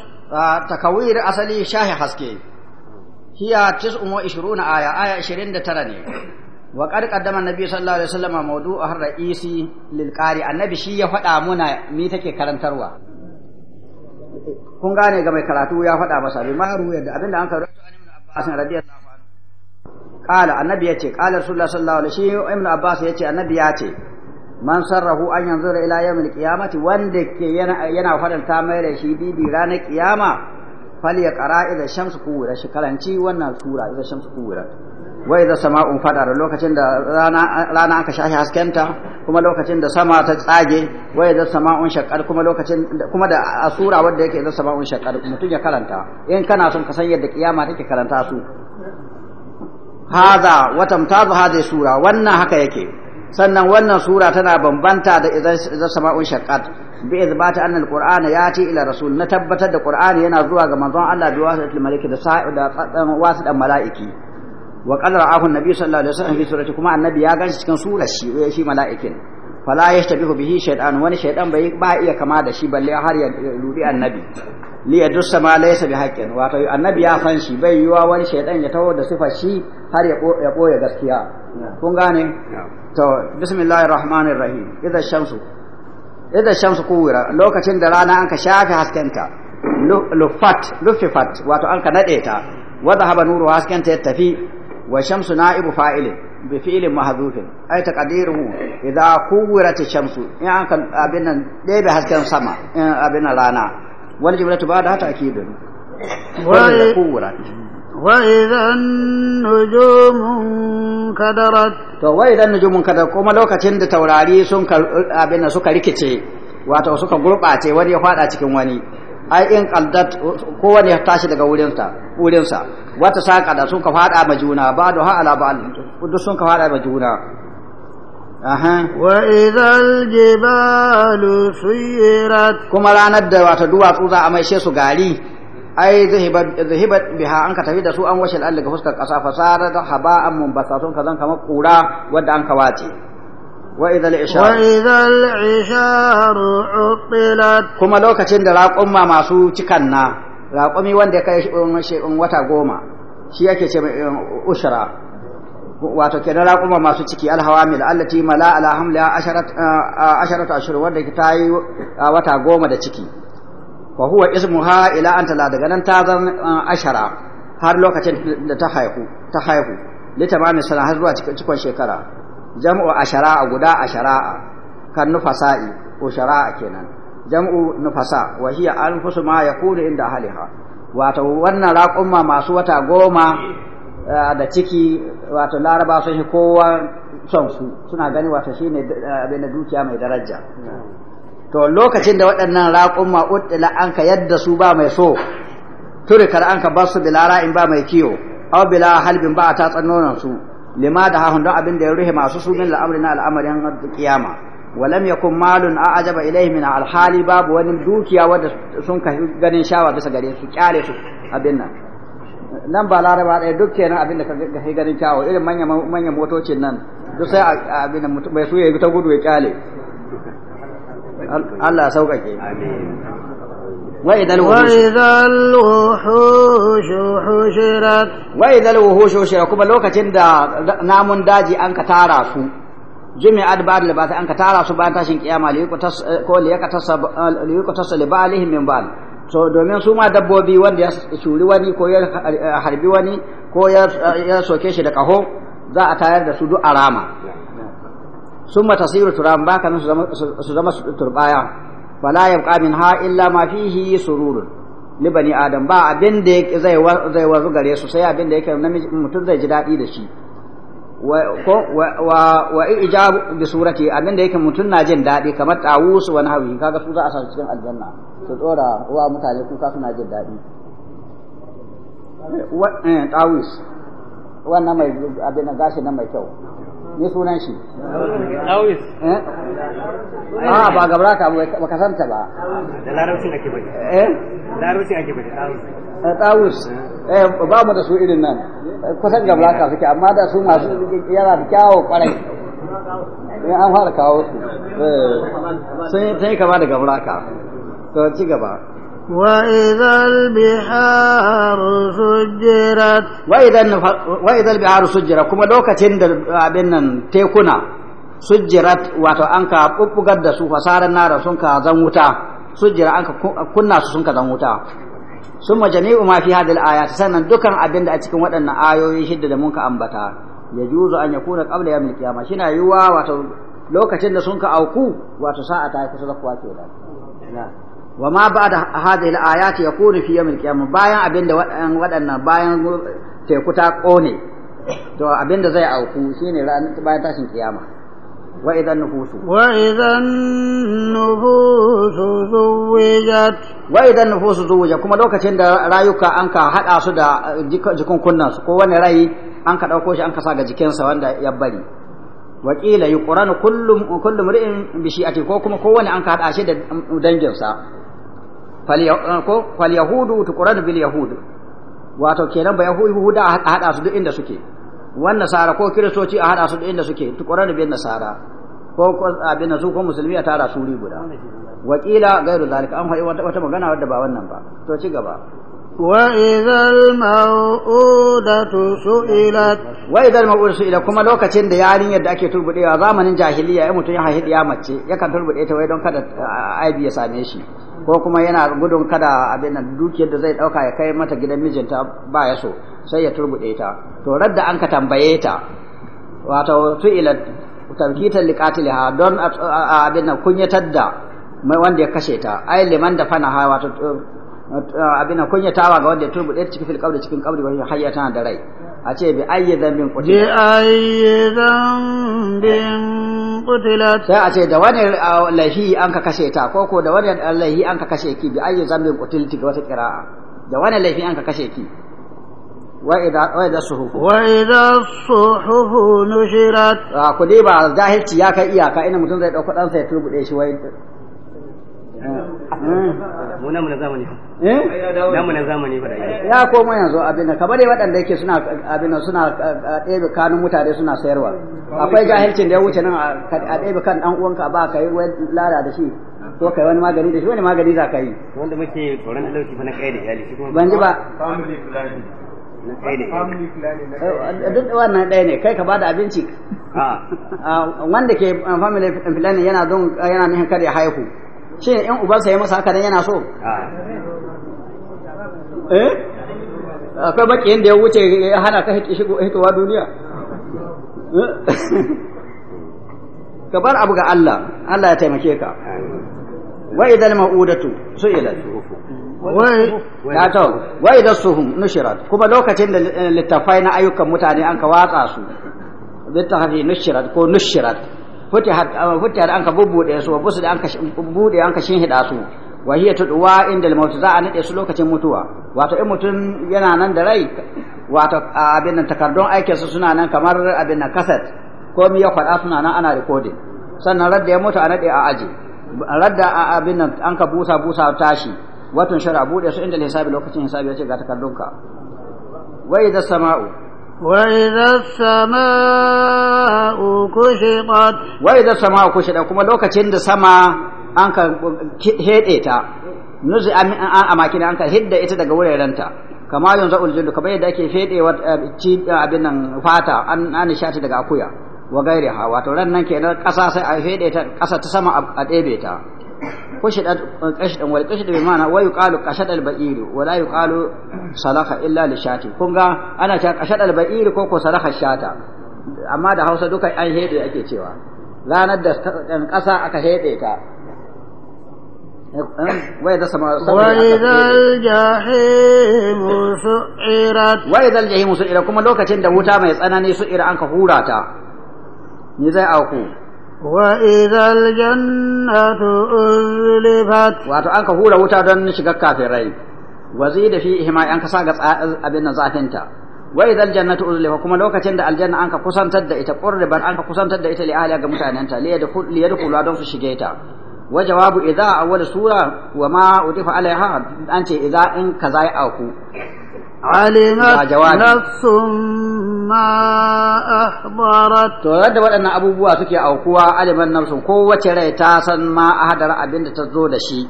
takawir asali shahi haske hiya 29 aya aya 29 ne wa qad qaddama annabi sallallahu alaihi wasallam mawdu'a ar-ra'isi lil qari annabi shi ya faɗa muna me take karantarwa kun gane ga mai karatu ya faɗa masa bi ma ruwa da abinda an karanto an ibn abbas radiyallahu anhu qala annabi yace qala rasulullah sallallahu alaihi wasallam ibn abbas yace annabi yace man sarrahu an yanzura ila yawmil qiyamati wanda ke yana yana faranta mai da shi bibi ranar kiyama fal ya qara idza shamsu kuwira shi karanci wannan sura idza shamsu kuwira wai da sama'un fadar lokacin da rana aka shahi haskenta kuma lokacin da sama ta tsage wai da sama'un shaqqar kuma lokacin kuma da asura wanda yake da sama'un shaqqar mutum ya karanta in kana son ka san yadda kiyama take karanta su hadha wa tamtazu hadhihi sura wannan haka yake sannan wannan sura tana bambanta da idan sama'un shaqqat bi izbata anna alqur'ana yati ila rasul na tabbatar da qur'ani yana zuwa ga manzon Allah bi wasitil malaiki da sa'i da wasu dan mala'iki wa qad ra'ahu an-nabi sallallahu alaihi wasallam fi surati kuma annabi ya ganshi cikin surar shi eh, shi mala'ikin fala yashtabihu bihi shay'an wani shay'an bai ba iya kama da shi balle har ya ludi annabi li yadussa ma laysa bi haqqin wato annabi ya san shi bai yiwa wani shay'an ya tawo da sifar shi har ya boye gaskiya kun gane to bismillahir rahmanir rahim idza shamsu idza shamsu kuwira lokacin da rana an ka shafe haskenta lufat lufifat wato an ka nade ta wa dhahaba nuru haskenta ya tafi wa shamsu na'ibu fa'ilin bi fi'ilin mahdhufin ay taqdiruhu idza kuwirat shamsu in an kan abin nan ɗebe hasken sama in abin rana wal jumlatu ba da ta akidin wal kuwirat wa idan nujumun kadarat to wa idan nujumun kadar kuma lokacin da taurari sun abin suka rikice wato suka gurɓace wani ya faɗa cikin wani ai in qaldat kowane ya tashi daga wurinsa wurinsa wata saka da sun ka fada ma juna ba da ha ala ba duk sun ka fada ma juna aha wa idhal jibalu suyirat kuma ranar da wata duwatsu za a mai su gari ai zahibat biha an ka tafi da su an washe al'alla ga fuskar kasa fasara da haba'an mun basatun kazan kamar kura wadda an ka wace وإذا العشار وإذا العشار عطلت كما لو كتن دا راقم ما ماسو تكنا راقمي وان دا كاي وتا غوما شي yake ce ushra wato kenan raƙuma masu ciki alhawamil allati mala ala hamla asharat ashhur wanda ta yi wata goma da ciki wa huwa ismuha ila an tala daga nan ta zan ashara har lokacin da ta haihu ta haihu litamami sana har zuwa cikin shekara jam'u ashara'a guda ashara'a kan nufasa'i ko shara'a kenan jam'u nufasa wa hiya anfusu ma yakunu inda ahliha wato wannan raƙumma masu wata goma eh, da ciki wato laraba sun shi kowa son su suna gani wato shine eh, abin da dukiya mai daraja to lokacin da waɗannan raƙumma uddila an ka yadda su ba mai so turikar an ka basu bilara in ba mai kiyo aw bila halbin ba ta tsannonan su lima da hahun don abin da ya ruhe masu su min al'amari na al'amarin kiyama walam yakun malun a ajaba ilaihi min alhali babu wani dukiya wadda sun ka ganin shawa bisa gare su kyale su abin nan nan ba laraba ɗaya duk kenan abin da ka ganin kyawo irin manya motocin nan duk sai abin da mai su ya ta gudu ya kyale Allah sauƙaƙe وإذا الوحوش حشرت وإذا الوحوش حشرت كما لو كتن دا نام داجي أنك تارا سو جمع أدبار لباس أنك تارا سو بان تاشن قياما ليكو تس لبالهم من بال so domin su ma dabbobi wanda ya shuri wani ko ya harbi wani ko ya soke shi da kaho za a tayar da su duk rama sun matasiru turan baka su zama turbaya fala yabqa ha illa ma fihi sururun ni bani adam ba abin da zai zai wazu gare su sai abin da yake namiji mutum zai ji daɗi da shi wa ijabu bi surati abin da yake mutum na jin daɗi kamar tawus wani hawi kaga su za a sa cikin aljanna su tsora wa mutane kuka suna jin daɗi eh, tawus wannan mai abin da gashi na mai kyau me sunan shi Eh? Ah, ba gabra ka ba ka santa ba da larabcin ake bai eh larabcin ake bai tawus eh, eh. eh ba mu da su irin nan eh, kusan gabra ka suke amma da su masu yana da kyawu kwarai in an fara kawo su sai kama da gabra ka to ci gaba وإذا البحار سجرت وإذا وإذا البحار سجرت كما لوكاتين abinnan tekuna sujjirat wato an ka bubbugar da su fasarar nara sun ka zan wuta sujjira an ka kunna su sun ka zan wuta sun majami'u ma fi hadal sannan dukan abin a cikin waɗannan ayoyi shidda da mun ka ambata ya juzu an yakuna qabla yawmil qiyama shina yiwa wato lokacin da sun ka auku wato sa'a ta kusa da kuwa kenan wa ma ba da ila ayati ya kuni fi yamin kiyama bayan abinda waɗannan bayan teku ta kone to abinda zai auku shine bayan tashin kiyama wa idan nufusu wa idan nufusu zuwijat wa idan nufusu zuwijat kuma lokacin da rayuka an ka hada su da uh, jikin kunnan su ko wani rai an ka dauko shi an ka sa ga jikinsa wanda ya bari wakila yuqranu kullu kullu mri'in bi shi'ati ko kuma kowane an ka hada shi da um, danginsa fal eh, yahudu tuqran bil yahud wato kenan ba yahuda a hada su duk inda suke wannan sara ko kiristoci a hada su duk inda suke tuqran bil nasara ko abin su ko musulmi a tara su ri guda wakila gairu zalika an fa'i wata magana wadda ba wannan ba to ci gaba وإذا su'ilat wa وإذا الموءودة su'ilat kuma lokacin da yarin da ake turbudewa zamanin jahiliya ya mutum ya haihi ya mace yakan turbude ta wai don kada eh, aibi ya same shi ko kuma yana gudun kada abin nan dukiyar da zai dauka ya kai mata gidan mijinta ba ya so sai ya turbude ta to radda an ka tambaye ta wato tu'ilat tarkitan liqatiliha don abin nan kunyatar da mai wanda ya kashe ta ai liman da fana wato abin nan kunyatawa ga wanda ya turbude ta cikin kabri cikin kabri wani hayyata da rai a ce bi ayyi zambin kutila bi ayyi zambin kutila sai a ce da wani laifi an ka kashe ta ko ko da wani laifi an ka kashe ki bi ayyi zambin kutilti ga wata qira'a da wani laifi an ka kashe ki wa idza wa idza suhufu wa idza suhufu nushirat ku dai ba zahirci ya kai iyaka ina mutum zai dauko dan sai turbude shi wai mu namu na zamani eh namu na zamani fa ya koma yanzu abin da kamar waɗanda yake suna abin suna ɗebe kanun mutane suna sayarwa akwai jahilcin da ya wuce nan a ɗebe kan ɗan uwanka ba ka yi lada da shi ko kai wani magani da shi wani magani za ka yi wanda muke tsoron talauci fa na kai da iyali shi kuma ban ji ba family planning eh, duk wannan ɗaya ne kai ka bada abinci ah. Ah, wanda ke uh, family planning yana don yana nihin kar ya haihu ce in ubansa ya masa haka dan yana so eh akwai bakiyin da ya wuce ya hana ka hitowa duniya eh? ka bar abu ga Allah Allah ya taimake ka wa idal ma'udatu su'ilat ya to wa idal suhum nushirat kuma lokacin da littafai na ayyukan mutane an ka watsa su littafi nushirat ko nushirat futihar ah, an ka bubbuɗe su busu da an ka buɗe an ka shinhiɗa su wa hiya tudwa inda al-maut za a nade su lokacin mutuwa wato in mutum yana nan da rai wato abin nan takardun aikin su suna nan kamar abin nan cassette ko miya ya faɗa suna nan ana recording sannan radda ya mutu a nade a aji radda a abin nan an ka busa busa tashi watan shara bude su inda hisabi lokacin hisabi ya ce ga takardunka wa idza sama'u وإذا السماء كشطت وإذا السماء كشطت كما لو كتشين السماء أنك هيدئتا نزع أماكن أنك هيدئتا تقول لنتا kama yanzu uljullu kamar yadda ake fedewa abin nan fata an an shati daga akuya wa gairiha wato ran nan ƙasa sai a fede ta ƙasa ta sama a ɗebe ta kushidat qashdan wal qashd bi ma'ana wa yuqalu qashad al ba'ir wa la yuqalu illa li kunga ana cewa qashad al ko ko salaha shata amma da Hausa duka an hede ake cewa ranar da dan kasa aka hede ta وإذا الجحيم سئرت وإذا الجحيم سئرت كما لو كتن دوتا ما يسأناني سئر أنك هوراتا نزاي أوكو وإذا الجنة أذلفت واتو أنك هورا وتا دون شغا كافرين وزيد فيهما أنك ساقط أبن زافنتا وإذا الجنة أذلفت كما لو كتند الجنة أنك كسنتد إتا قربت أنك كسنتد إتا لأهلها أنت ليدخل ليدخل لدون شجيتا وجواب إذا أول سورة وما أضيف عليها أنت إذا إن كزاي أوكو alimat nafsun ma ahdarat to yadda waɗannan abubuwa suke aukuwa aliman nafsun kowace rai ta san ma ahdara abinda ta zo da shi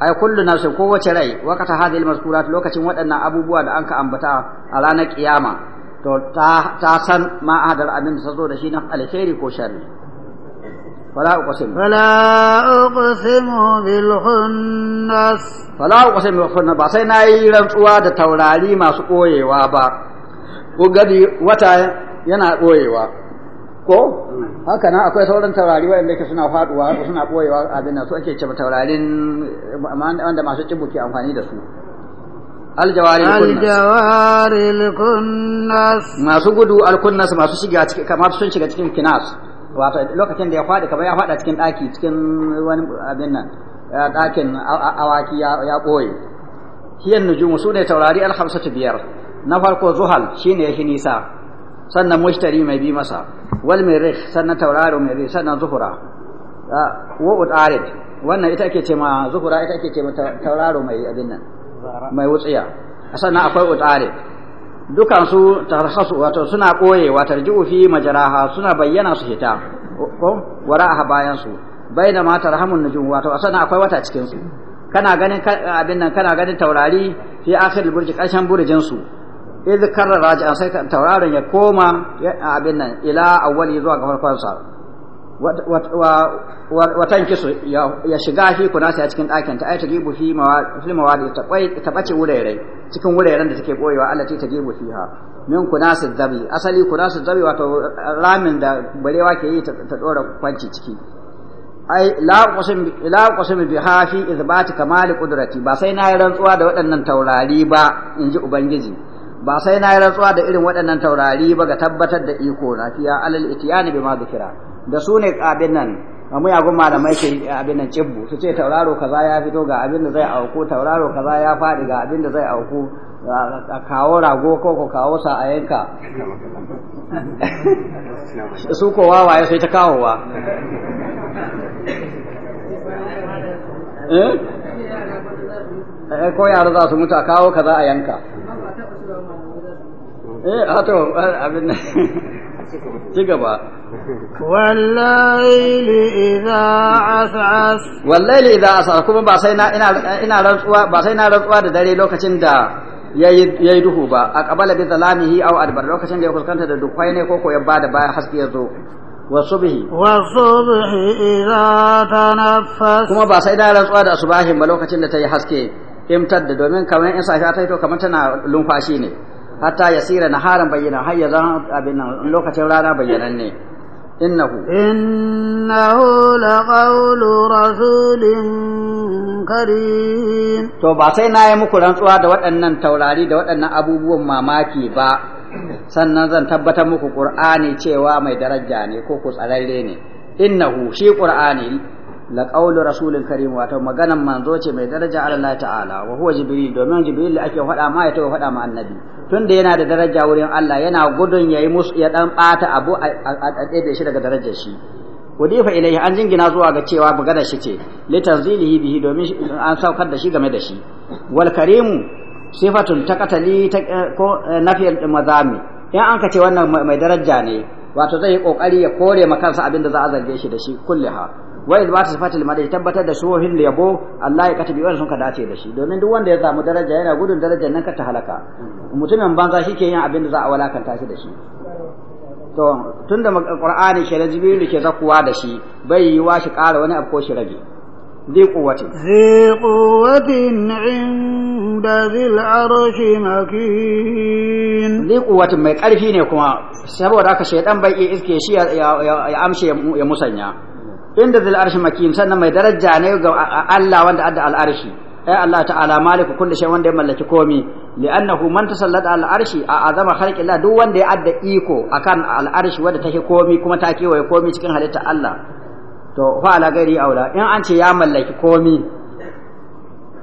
ai kullu nafsin kowace rai wakata hadhihi almazkurat lokacin waɗannan abubuwa da anka ambata a ranar kiyama to ta san ma ahdara abinda ta zo da shi na alkhairi ko sharri فلا أقسم فلا أقسم بالخنس فلا أقسم بالخنس ba sai nayi rantsuwa da taurari masu koyewa ba ko gadi wata yana ko haka nan akwai sauran taurari wanda yake suna faduwa suna koyewa a nan su ake cewa taurarin wanda masu cibu ke amfani da su aljawari alkunnas masu gudu alkunnas masu shiga cikin kamar sun shiga cikin kinas wato lokacin da ya faɗi kamar ya faɗa cikin ɗaki cikin wani abin nan ɗakin awaki ya ɓoye hiyan nujumu su ne taurari ta biyar na farko zuhal shine ya nisa sannan mushtari mai bi masa wal mirih sannan taurari mai mirih sannan zuhura wa utarid wannan ita ake ce ma zuhura ita ake ce ma tauraro mai abin nan mai wutsiya sannan akwai utarid dukansu tarhasu wato suna koye wa tarji'u fi majaraha suna bayyana su hita ko wara'aha bayan su baina ma tarhamun najum wato asana akwai wata cikin su kana ganin abin nan kana ganin taurari fi akhir alburj kashan burjin su idh karra raj'a sai tauraron ya koma abin nan ila awwali zuwa ga farkon sa watan kisu ya shiga fi kuna a cikin ɗakin ta ai ta gibu fi mawadi ta ɓace wurare cikin wuraren da take ɓoyewa Allah ta gibu fi ha min kunasa zabi asali su zabi wato ramin da barewa ke yi ta ɗora kwanci ciki ai la qasim bi ha fi izbati kamali qudrati ba sai na yi rantsuwa da waɗannan taurari ba in ji ubangiji ba sai na yi rantsuwa da irin waɗannan taurari ba ga tabbatar da iko na fiya alal itiyani bi ma zikira da su ne abin nan muyagun malamai ke abin nan cibbu su ce tauraro kaza ya fito ga abin da zai auku tauraro kaza ya faɗi ga abin da zai auku a kawo rago ko ko kawo sa a yanka *laughs* su ko wawaye sai ta kawowa eh, eh ko yaro za su mutu a kawo kaza a yanka eh a to abin nan *laughs* ci gaba wallahi idza as'as wallahi idza as'as kuma ba sai na ina ina rantsuwa ba sai na rantsuwa da dare lokacin da yayi duhu ba a kabala bi zalamihi aw adbar lokacin da ya fuskanta da dukwai ne ko ko ya bada baya haske ya zo wa subhi wa subhi idza tanaffas kuma ba sai da rantsuwa da subahin ba lokacin da ta yi haske imtar da domin kamar in safiya ta to kamar tana lumfashi ne hatta yasira naharan bayyana har ya zan abin nan lokacin rana bayyanan ne إنه إنه لقول رسول كريم to ba sai na yi muku rantsuwa da waɗannan taurari da waɗannan abubuwan mamaki ba sannan zan tabbatar muku ƙur'ani cewa mai daraja ne ko ku tsararre ne innahu shi ƙur'ani la qawlu rasulil karim wato maganan manzo ce mai daraja Allah ta'ala wa huwa jibril domin jibril da ake faɗa ma ya tawo faɗa ma annabi tunda yana da daraja wurin Allah yana gudun yayi musu ya dan bata abu a da shi daga darajar shi wadifa ilaihi an jingina zuwa ga cewa maganar shi ce li tanzilihi bihi domin an saukar da shi game da shi wal karimu sifatun takatali eh, ko eh, nafiyal mazami in an ka ce wannan mai daraja ne wato zai yi kokari ya kore ma kansa abin da za a zarge shi da shi ha. wa izbatu sifatil madad tabbatar da shuhin yabo Allah ya katabi wanda sun ka dace da shi domin duk wanda ya samu daraja yana gudun darajar nan ka ta halaka mutumin banza shi ke yin abin da za a walakanta shi da shi to tunda qur'ani shi rajibilu ke zakuwa da shi bai yi wa shi ƙara wani abu ko shi rage ذي قوة ذي قوة عند ذي العرش مكين ذي قوة ما يقال فيني كما سبو راك الشيطان بي إذكي شيء يا أمشي يا مسنيا inda zil arshi makin sannan mai daraja ne ga Allah wanda adda al arshi ai eh, Allah ta'ala maliku kulli shay wanda ya mallaki komi li'annahu man tasallata al arshi a azama khalqi Allah duk wanda ya adda iko akan al arshi wanda take komi kuma ta kewaye komi cikin halitta Allah to fa ala gairi aula in an ce ya mallaki komi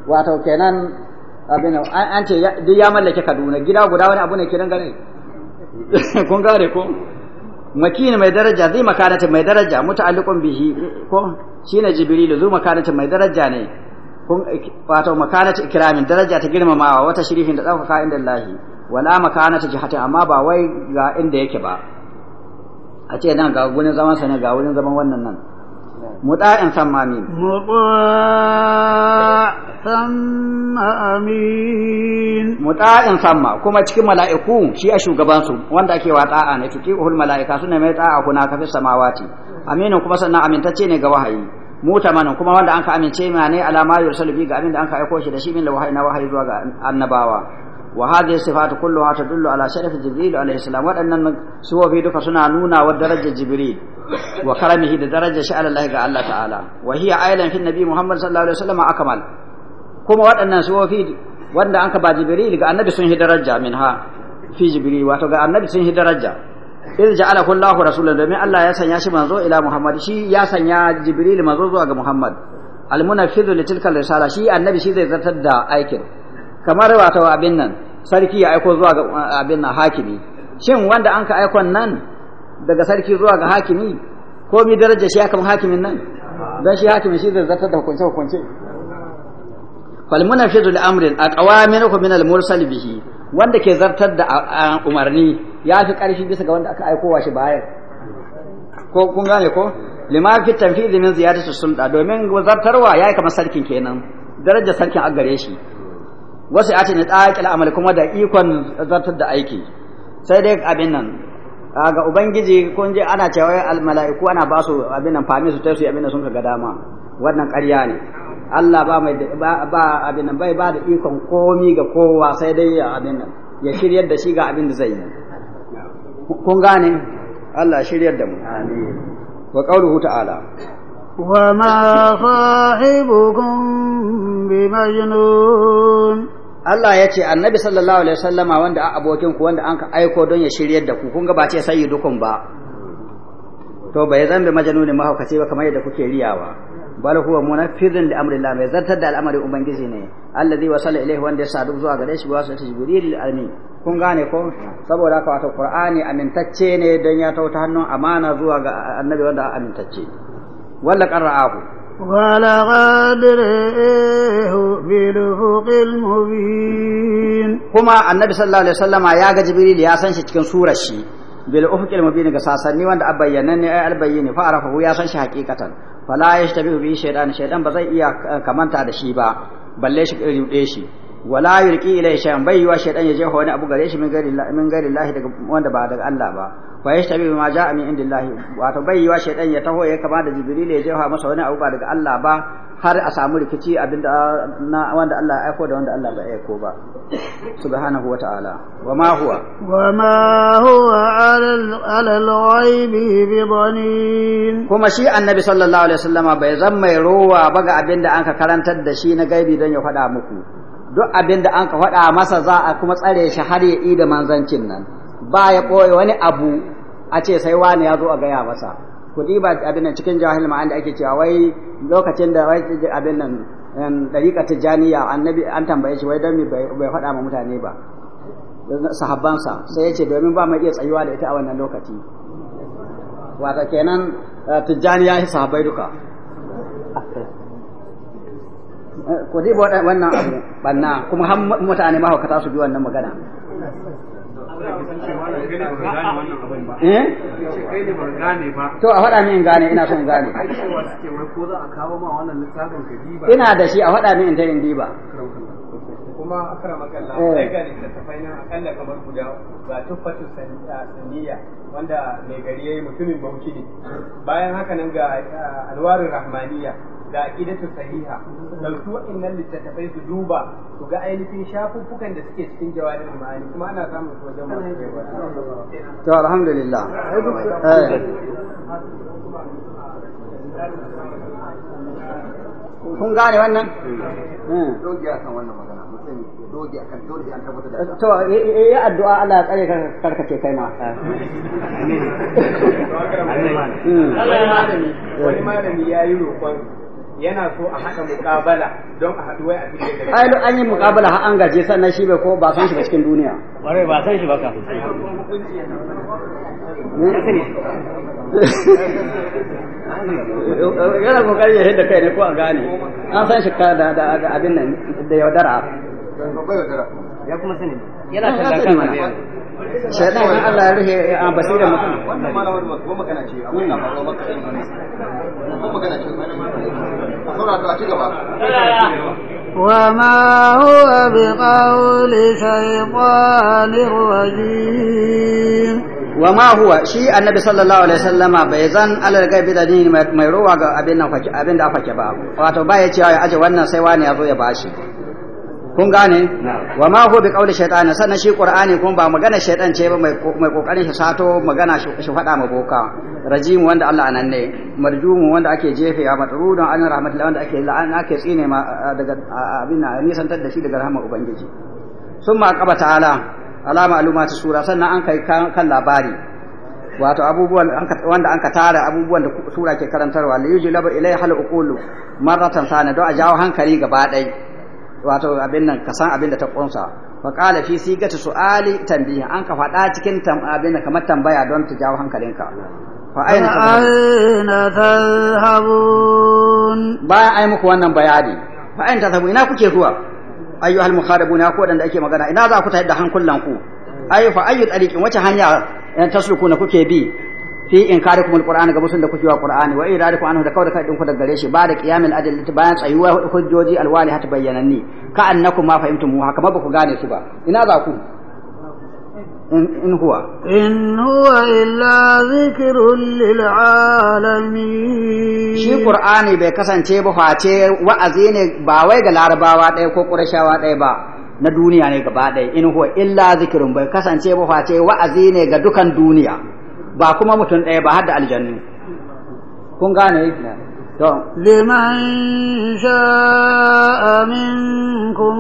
wato kenan abin an ce duk ya mallaki Kaduna gida guda wani abu ne kiran gare *laughs* kun gare ko makin mai daraja zai makanata mai daraja muta'alliqun bihi ko shine jibril zu makanata mai daraja ne kun wato makanata ikiramin daraja ta girmamawa wata shirihin da tsakaka inda lahi wala makanata jihati amma ba wai ga inda yake ba a ce nan ga gurin zaman ne ga wurin zaman wannan nan مطاع ثم امين مطاع ثم امين مطاع ثم kuma cikin mala'iku shi a shugaban su wanda ake wa ta'a ne tutihul mala'ika suna mai ta'a kuna kafi samawati aminu kuma sannan amintacce ne ga wahayi mutamanin kuma wanda an ka amince ma ne alama yursalu bi ga abin da an ka aiko shi da shi min wahayi na wahayi zuwa ga annabawa wa hadhihi sifatu kulluha tadullu ala sharafi jibril alayhi salam wadannan suwofi duka suna nuna wa darajar jibril wa karamihi da shi Allah ga Allah ta'ala wa hiya ailan fi nabi muhammad sallallahu alaihi wasallam akmal kuma wadannan suwofi wanda anka ba jibril ga annabi sun hi daraja minha fi jibril wato ga annabi sun hi daraja iz ja'alahu Allahu rasulan domin Allah ya sanya shi manzo ila Muhammad shi ya sanya Jibril manzo zuwa ga Muhammad al-munaffidhu litilkan risala shi annabi shi zai zartar da aikin kamar wato abin nan sarki ya aiko zuwa ga uh, abin nan hakimi shin wanda an ka aiko nan daga sarki zuwa ga hakimi ko mi daraja shi akan hakimin nan dan shi hakimi shi zai zartar da hukunce hukunce fal munafidu li amrin aqwaminuhu min al mursal bihi wanda ke zartar da uh, uh, umarni ya fi karfi bisa ga wanda aka aiko wa shi bayan ko kun gane ko lima fi tanfidi min ziyadatu sulta domin zartarwa yayi kamar sarkin kenan daraja sarkin a gare shi wasu ya ce ne ɗaƙil amal kuma da ikon zartar da aiki sai dai abin nan ga ubangiji kun je ana cewa mala'iku ana ba su abin nan fami su tai abin nan sun ga dama wannan ƙarya ne Allah ba mai ba abin nan bai ba da ikon komi ga kowa sai dai ya abin nan ya shiryar da shi ga abin da zai yi kun gane Allah shiryar da mu amin wa qauluhu ta'ala وما صاحبكم بمجنون Allah ya ce annabi sallallahu alaihi wasallama wanda a abokin ku wanda an ka aiko don ya shiryar da ku kun ga ba ce sayi dukun ba to bai zan zambe majanuni mahaukaci ba kamar yadda kuke riyawa bal huwa munafirin li amri Allah mai zartar da al'amarin ubangiji ne allazi wasala alaihi wanda ya sadu zuwa gare shi wasu ta jibril almi kun gane ko saboda haka wato qur'ani amintacce ne don ya tauta hannun amana zuwa ga annabi wanda amintacce ne wala qara'ahu wala qadrihu bil fuqil mubin kuma annabi sallallahu alaihi wasallama ya ga jibril ya san shi cikin surar shi bil ufqil ga sasanni wanda abayyana ne ay albayyini fa arafahu ya san shi haqiqatan fala yashtabihu bi shaytan shaytan ba zai iya kamanta da shi ba balle shi rude shi wala yulqi ilai shay'an bai yiwa shaytan ya je wani abu gare shi min gari min gari Allah daga wanda ba daga Allah ba wa yashtabi ma ja'a min indillahi wato bai yiwa shaytan ya taho ya kama da jibril ya je wa masa wani abu ba daga Allah ba har a samu rikici abinda na wanda Allah ya aiko da wanda Allah bai aiko ba subhanahu wa ta'ala wa ma huwa wa ma huwa ala al-ghaibi bi dhanin kuma shi annabi sallallahu alaihi wasallama bai zama mai rowa ba ga abinda an ka karantar da shi na gaibi don ya faɗa muku duk abin da an ka faɗa masa za a kuma tsare shi har ya yi da manzancin nan ba ya ɓoye wani abu a ce sai wani ya zo a gaya masa kuɗi ba abin nan cikin jahil ma'an da ake cewa wai lokacin da wai abin nan ɗariƙa tijjaniya annabi an tambaye shi wai don bai faɗa ma mutane ba sahabbansa sai ya ce domin ba mai iya tsayuwa da ita a wannan lokaci wata kenan eh, tijjaniya sahabbai duka ku dai wannan abu banna kuma har mutane ma hawkata su bi wannan magana eh? To a faɗa min gane ina son gane. Ina da shi a faɗa min in ta yin diba. kuma akara magana sai eh. ta littattafai nan akalla kamar guda ga tuffatu ah, saniya wanda mai gari yayi mutumin bauchi ne bayan haka nan ga ah, alwarin rahmaniya da aqidatu sahiha dauki wa'annan littattafai su duba su ga ainihin shafuffukan da suke cikin jawabin ma'ani kuma ana samun su wajen masu kaiwa to alhamdulillah eh. kun gane wannan hmm. doge akan wannan magana mutum doge akan dole an tabbatar da to ya eh, eh, addu'a Allah ya tsare ka karkace kai ma amin hmm. Allah ya malami wani malami yayi roƙon yana so a haɗa muƙabala don a haɗu wai a cikin ai an yi muƙabala har an gaje sannan shi bai ko ba san shi ba cikin duniya Ware ba san shi ba ka yana kokari ya hidda kai ne ko a gane an san shi ka da abin nan da yaudara ya kuma sani yana kan da kama da yanzu in Allah ya rufe a basira mutum wannan malamar magana ce a wannan magana ce وما هو بقول شيطان رجيم وما هو شيء النبي صلى الله عليه وسلم بيزان على الغيب da ni mai ruwa ga abin nan abin da aka ba wato ba ya ce ya aje wannan sai wani ya zo ya bashi kun gane wa ma hu bi qawli shaytan sannan shi qur'ani kun ba magana shaytan ce ba mai kokarin shi sato magana shi fada ma boka rajim wanda Allah anan ne marjum wanda ake jefe ya matrudun an rahmatul wanda ake la'an ake tsine ma daga abin na nisantar da shi daga rahmar ubangiji summa qaba ta'ala alama alumatu sura sannan an kai kan labari wato abubuwan wanda an ka tara abubuwan da sura ke karantarwa la yujlaba ilai hal uqulu marratan sana don a jawo hankali gaba dai wato abin nan ka san abin da ta kunsa fa qala fi sigati su'ali tambiya an ka fada cikin abin da kamar tambaya don ta jawo hankalinka fa aina aina tadhhabun bayan ai muku wannan bayani fa aina tadhhabun ina kuke zuwa ayyuhal na ko dan da ake magana ina za ku tayar da hankulanku ai fa ayu tariqin wace hanya eh, tasluku na kuke bi fi kuma alqur'ani ga musun da kuke wa qur'ani wa ku anhu da kawai kai ku daga gare shi ba da qiyamil adl bayan tsayuwa hujjoji alwali hatta bayyananni ka annakum ma fahimtum haka ba ku gane su ba ina za ku in huwa in huwa illa zikrun lil alamin shi qur'ani bai kasance ba face wa'azi ne ba wai ga larabawa ɗaya ko qurashawa ɗaya ba na duniya ne gaba ɗaya in huwa illa zikrun bai kasance ba face wa'azi ne ga dukan duniya ba kuma mutum ɗaya ba har da aljannu kun gane to liman sha'a minkum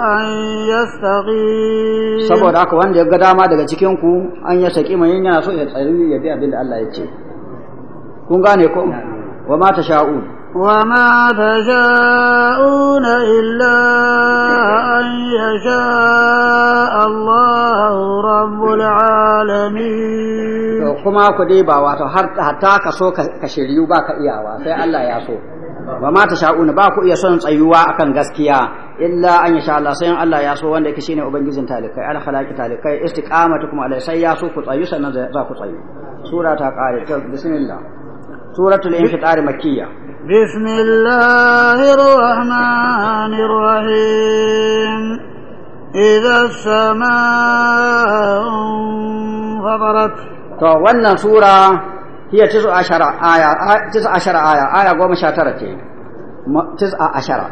an yastaqi saboda haka wanda ya ga dama daga cikin ku an ya saki mai yana so ya tsari ya bi abin da Allah ya ce kun gane ko wa ma Sha'u. وما تشاءون إلا أن يشاء الله رب العالمين kuma ku dai ba wato har hatta ka so ka shiryu ba sai Allah ya so wa ma ta sha'una ba ku iya son tsayuwa akan gaskiya illa an yasha Allah sai Allah ya so wanda yake shine ubangijin talikai al khalaqi talikai istiqamatukum alai sai ya so ku tsayu sannan za ku tsayu sura ta kare bismillah suratul infitar makkiyah بسم الله الرحمن الرحيم إذا السماء انفطرت to wannan sura hiya tisu ashara aya tisu ashara aya aya goma sha tara ce tisu ashara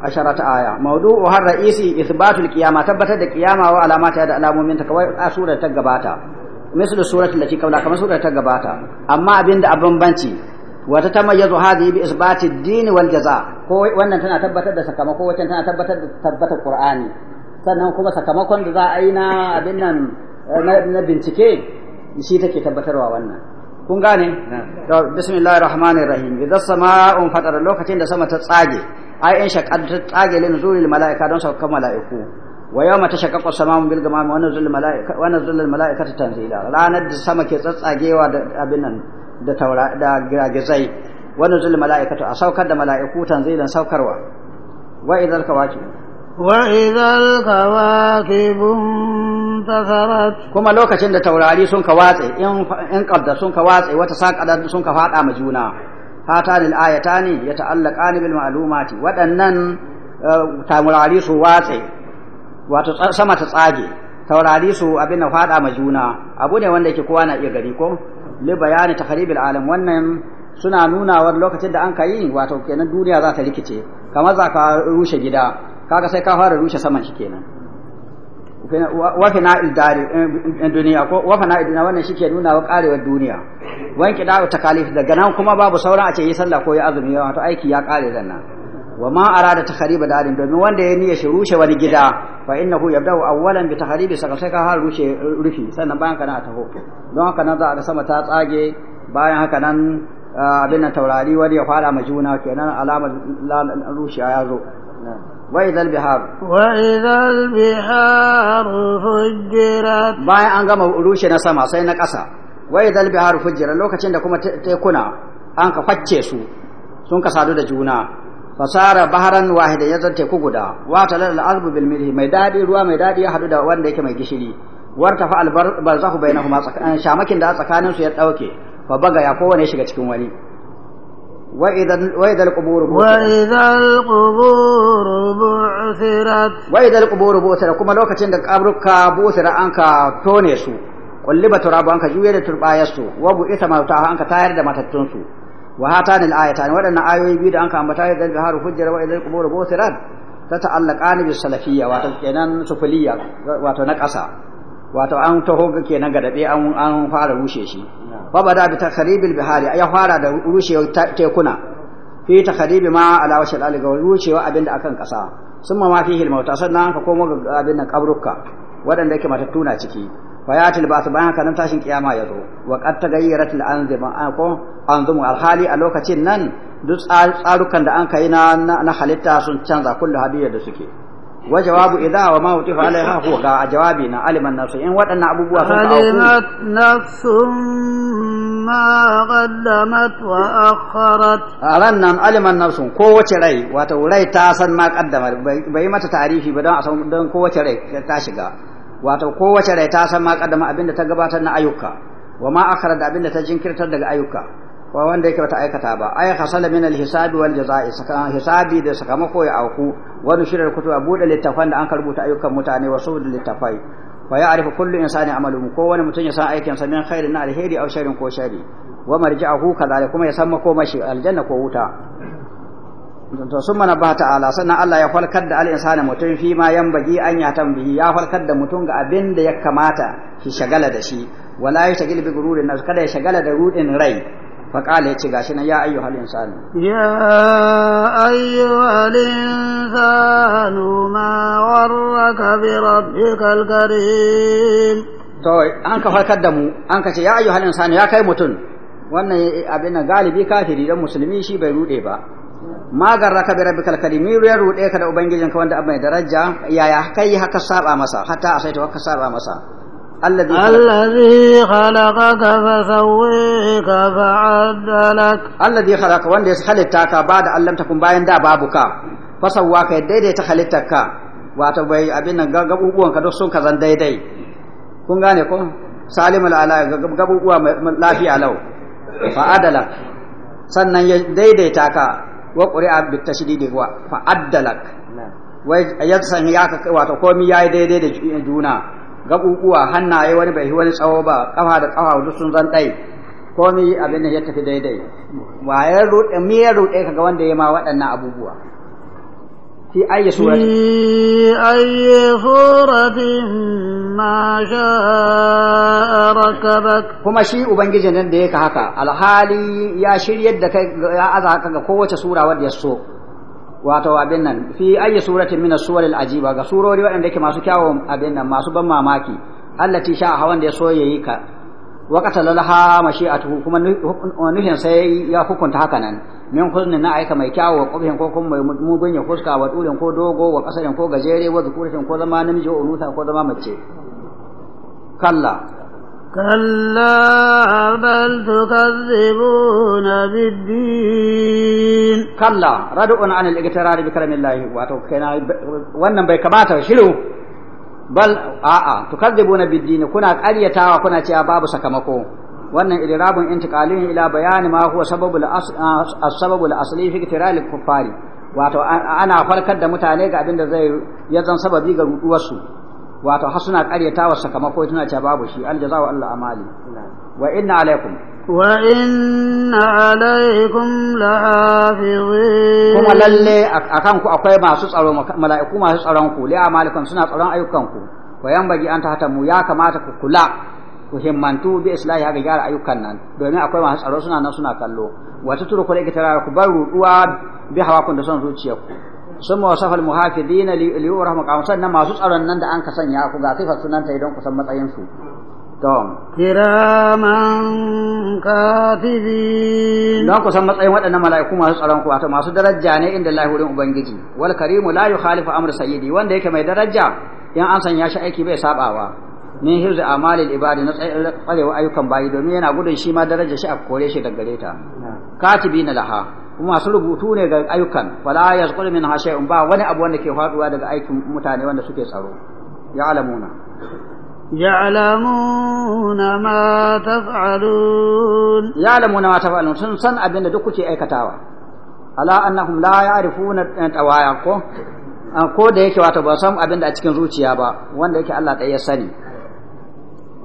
ashara ta aya mawdu'u har ra'isi ithbatul qiyama tabbatar da qiyama wa alamata da alamomin ta kawai a surar ta gabata suratul lati qabla kamar ta gabata amma abinda a bambanci wata tamayyazu hadhihi bi isbati ad-din wal jaza ko wannan tana tabbatar da sakamako wacce tana tabbatar da sannan kuma sakamakon da za a yi na abin na bincike shi take tabbatarwa wannan kun gane to bismillahir rahmanir rahim idan sama'un fatara lokacin da sama ta tsage ai in shaqqat ta tsage lin zulil mala'ika don saukan mala'iku wa yawma tashaqqaqu sama'u bil gamam wa nazalul mala'ika wa nazalul mala'ikatu tanzila ranar da sama ke tsatsagewa da abin nan da taura da giragizai wannan zulul mala'ikatu a saukar da mala'iku tanzilan saukarwa wa idzal kawaki wa idzal kawakib tasarat kuma lokacin da taurari sun ka watsa, in in qabda sun ka watsa wata saqada sun ka fada ma juna hatanil ayatani yata'allaqani bil ma'lumati wadannan eh, taurari su watse wato sama ta tsage taurari su abin da fada ma juna abu ne wanda yake kowa na iya gari ko li bayani takhribil alam wannan suna nunawar lokacin da an kai wato kenan duniya za ta rikice kamar za ka rushe gida kaga sai ka fara rushe saman shi kenan wa fina idari eh, duniya ko wa fina idina wannan shike nuna wa karewar duniya wanki da takalif daga nan kuma babu sauran a ce yi sallah ko yi azumi wato aiki ya kare nan wa ma arada takhariba darin domin wanda ya niyya shi rushe wani gida fa innahu yabda'u awwalan bi takharibi saka sai ka har rushe rufi sannan bayan kana taho don haka nan za a ga sama ta tsage bayan haka nan abin nan taurari wani ya fara ma juna kenan alamar rushewa ya zo وإذا البحار وإذا البحار فجرت Bayan an gama rushe na sama sai na ƙasa وإذا البحار فجرت lokacin da kuma tekuna an ka facce su sun ka sadu da juna fasara baharan wahida ya zan ku guda wa talal al bil milhi mai dadi ruwa mai dadi ya hadu da wanda yake mai gishiri warta fa al barzahu bainahuma eh, shamakin da tsakanin su ya dauke fa baga ya kowane shiga cikin wani wa idan wa idan qubur wa idan qubur bu'thirat wa idan qubur kuma lokacin da kabruka bu'thira ka tone su rabu an ka juye da turbayar su wa bu'ita an ka tayar da matattun su wa hatani al-ayatan wadannan ayoyi biyu da an ka ambata da biharu hujjar wa ilal qubur buthirat ta ta'allaqani bis salafiyya wato kenan sufuliyya wato na ƙasa wato an taho kenan ga dabe an an fara rushe shi fa bada bi takhribil bihari ya fara da rushewar tekuna fi takhribi ma ala washal ali ga rushewa abinda akan ƙasa summa ma fihi al-mauta sannan ka komo ga abin nan waɗanda wadanda yake tuna ciki fa yati basu bayan haka nan tashin kiyama ya zo wa qad taghayyarat al-anzima ko anzumu al-hali a lokacin nan duk tsarukan da an kai na na halitta sun canza kullu hadiyar da suke wa jawabu idha wa ma utifa alaiha huwa ga jawabi na aliman nafsu in waɗannan abubuwa sun auku alimat nafsum ma qaddamat wa akharat ran nan aliman nafsu kowace rai wato rai ta san ma qaddama bai mata tarihi ba don a san don kowace rai ta shiga wato kowace rai ta san ma abin abinda ta gabatar na ayyuka wa ma akhara da abinda ta jinkirtar daga ayyuka wa wanda yake bata aikata ba ay hasala min al-hisabi wal jazaa'i sakan hisabi da sakamako ya auku wa nushirar kutuba bude littafan da an karbuta ayyukan mutane wa sawd littafai wa ya'rifu kullu insani amaluhu ko wani mutum ya san aikin sa min khairin na alheri aw sharrin ko shari wa marji'ahu kadhalika kuma ya san makomashi aljanna ko wuta to sun mana ba ta'ala sannan Allah ya falkar da al'insani mutum fi ma yan bagi an ya tambayi ya falkar da mutum ga abin da ya kamata shi shagala da shi wala ya shagil bi gururi nas kada ya shagala da rudin rai fa qala yace gashi na ya ayyuhal insani ya ayyuhal insani ma warraka bi rabbikal karim to an ka falkar da mu an ka ce ya ayyuhal insani ya kai mutum wannan abin galibi kafiri dan musulmi shi bai rude ba magarra ka bi rabbikal karim mi ya rude ka da ubangijinka wanda mai daraja yaya kai haka saba masa hatta a asaita haka saba masa alladhi fa sawwaka fa adalak alladhi خلق wanda ya halitta ba da Allah kun bayan da babu ka fa fasawa ka daidaita halittarka wato bai abin nan gabubuwan ka duk sun ka zan daidai kun gane ko salimul ala gabubuwa lafiya lau fa adala sannan ya daidaita ka wa quri'a bi tashdidi wa fa addalak wai yaksan ya ka wato komai yayi daidai da juna kukuwa hannaye wani bai wani tsawo ba kafa da kafa duk sun zan dai komi abin da ya tafi daidai wa ya rude me ya rude kaga wanda ya ma waɗannan abubuwa في أي سورة في أي سورة ما شاء ركبك كما شيء أبنجي جنن ديك هكا الحالي يا شير يدك يا أذاك قوة سورة ودي السوق wato abin nan fi ayyi suratin min as-suwaril ajiba ga surori waɗanda ke masu kyawawan abin nan masu ban mamaki allati sha hawan da ya so yayi ka wa qatala laha mashi'atuhu kuma nuhin sai ya hukunta haka nan min huznin na aika mai kyawu wa ko kuma mugun ya fuska wa durin ko dogo wa kasarin ko gajere wa ko zama namiji wa ko zama mace kalla kalla bal tukazzibuna biddin kalla an al bi karamillahi wato wannan bai kamata shiru bal a'a tukadzibuna na din kuna karyatawa kuna cewa babu sakamako wannan idrabun intiqalin ila bayani ma huwa sababul as-sababul asli fi iktiral kuffari wato ana farkar da mutane ga abinda da zai ya zan sababi ga ruduwar su wato har suna sakamako tana cewa babu shi aljazaa wa Allah amali wa inna alaikum وَإِنَّ عَلَيْكُمْ لَحَافِظِينَ kuma lalle akan ku akwai masu tsaro mala'iku masu tsaron ku li amalikum suna tsaron ayyukan ku wa bagi an tahta mu ya kamata ku kula ku himmantu bi islahi ga gyara ayyukan nan domin akwai masu tsaro suna nan suna kallo wata turu ku da kitara ku bar ruduwa bi hawakun da son zuciyar ku sun mawasafal li masu tsaron nan da an ka sanya ku ga kai idan ku matsayin su kiraman katibin don ku san matsayin waɗannan mala'iku masu tsaron ku wato masu daraja ne inda Allah wurin ubangiji wal karimu la yukhalifu amr sayyidi wanda yake mai daraja in an sanya shi aiki bai sabawa min hirzi amalil ibadi na tsarewa ayyukan bayi domin yana gudun shi ma daraja shi a kore shi daga gare ta laha kuma masu rubutu ne ga ayyukan fala yazqulu min shay'un ba wani abu wanda ke faduwa daga aikin mutane wanda suke tsaro ya'lamuna ya'lamuna ما تفعلون يعلمون ما تفعلون sun san abin da duk kuke aikatawa ala annahum la ya'rifuna tawaya ko ko da yake wato ba san abin da a cikin zuciya ba wanda yake Allah ɗaya ya sani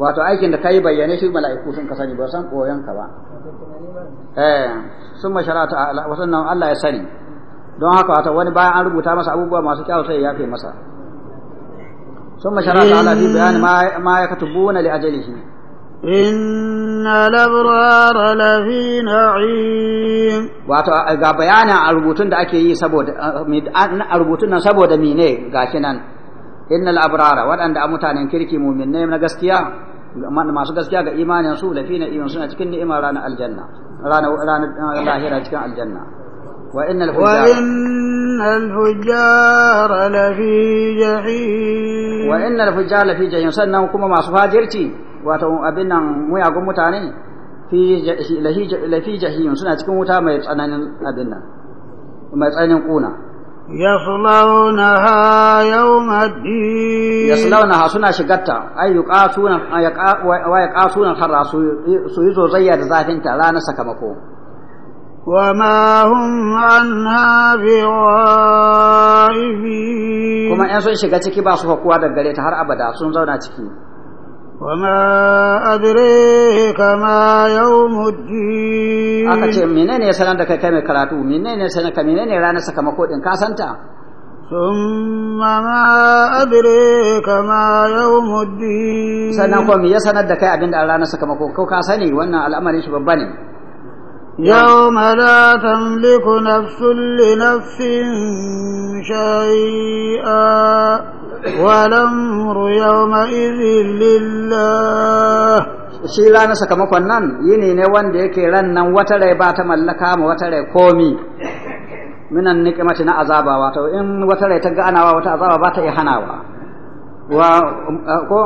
wato aikin da kai bayyane shi mala'iku sun ka sani ba san koyon ka ba eh sun masharata wasannan Allah ya sani don haka wato wani bayan an rubuta masa abubuwa masu kyau sai ya yafe masa ثم شرع تعالى في بيان ما ما يكتبون لأجله إن الأبرار لفي نعيم wato ga bayana a rubutun da ake yi saboda a rubutun nan saboda mine ga kinan innal abrara waɗanda a mutanen kirki muminai na gaskiya masu gaskiya ga imanin su lafi na iman na cikin ni'imar ranar aljanna ranar lahira cikin aljanna وإن الفجار وإن الفجار لفي جحيم وإن الفجار لفي جحيم sannan kuma masu fajirci wato abin nan muyagun mutane fi lafi jahim suna cikin wuta mai tsananin abin nan mai tsananin kuna yaslaunaha yawmaddin yaslaunaha suna shigarta ay yuqatuna wa yuqatuna harra su yi zozayya da zafin ta ranar sakamako وما هم عنها بغائبين kuma yan sun shiga ciki ba su hakuwa da gare ta har abada sun zauna ciki وما ادري كما يوم الدين aka ce menene ya sanar da kai kai mai karatu menene sanar ka menene ranar sakamako din ka santa ma adri kama yawm ad-din sannan ko me ya sanar da kai abinda ranar sakamako ko ka sani wannan al'amarin shi babba ne يوم لا تملك نفس لنفس شيئا والأمر يومئذ لله shi na sakamakon nan yini ne wanda yake ran nan wata rai ba ta mallaka ma wata rai komi minan niqimati na azaba wato in wata rai ta ganawa, wata azaba ba ta iya hanawa wa ko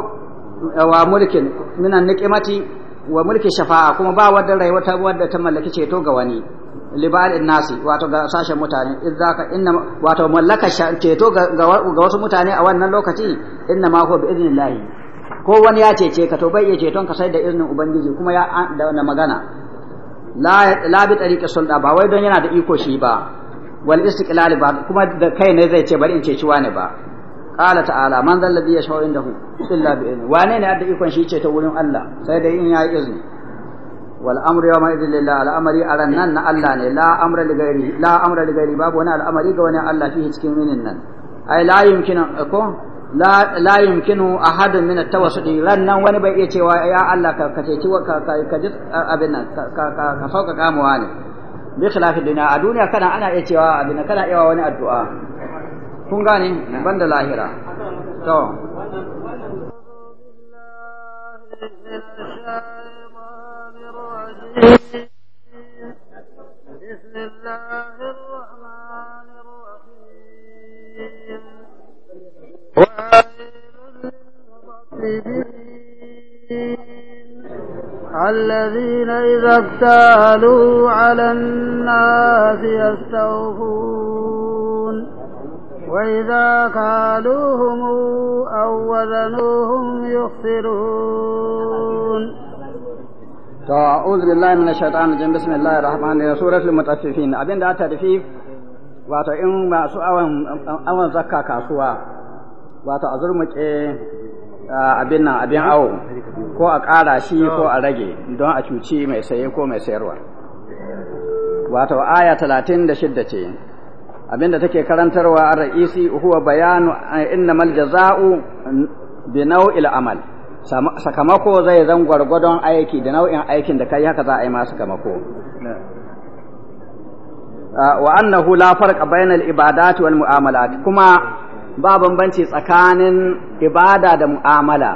wa mulkin minan niqimati wa mulki shafa'a kuma ba wadda rai wata wadda ta mallaki ceto ga wani libal nasi wato ga sashen mutane idzaka inna wato mallaka ceto ga wasu mutane a wannan lokaci inna ma huwa bi idnillahi ko wani ya cece ka to bai iya ceton ka sai da iznin ubangiji kuma ya da wannan magana la la bi tariqi sulda ba wai don yana da iko shi ba wal istiqlal ba kuma da kai ne zai ce bari in ceci wani ba qala ta'ala man zal ladhi yashau indahu illa bi idni wane ne da ikon shi ce ta wurin Allah sai dai in yayi izni. wal amru yawma idin lillah al amri aran nan na Allah ne la amra li ghairi la amra li ghairi babu wani al'amari ga wani Allah fihi cikin minin nan ai la yumkinu ko la la yumkinu ahadun min at-tawassudi ran nan wani bai iya cewa ya Allah ka ka ceci ka ka ji abin nan ka ka ka sauka kamuwa ne bi khilafi dunya a duniya kana ana iya cewa abin kana iya wani addu'a kun gane banda lahira to بسم الله الرحمن الرحيم الذين إذا اكتالوا على الناس يستوفون وإذا كالوهم أو وزنوهم يخسرون to a'udhu billahi minash shaitanir rajim bismillahir rahmanir rahim suratul mutaffifin abinda ta tafi wato in masu awan awan zakka kasuwa wato a zurmuke abin nan abin awo ko a ƙara shi ko a rage don a cuci mai saye ko mai sayarwa wato aya 36 ce abinda take karantarwa a ra'isi huwa bayanu eh, innamal jaza'u bi nau'il amal sakamako zai zan gwargwadon aiki da nau'in aikin da kai haka za a yi masa sakamako ah, wa annahu la farq bainal ibadati wal mu'amalat kuma ba bambanci tsakanin ibada da mu'amala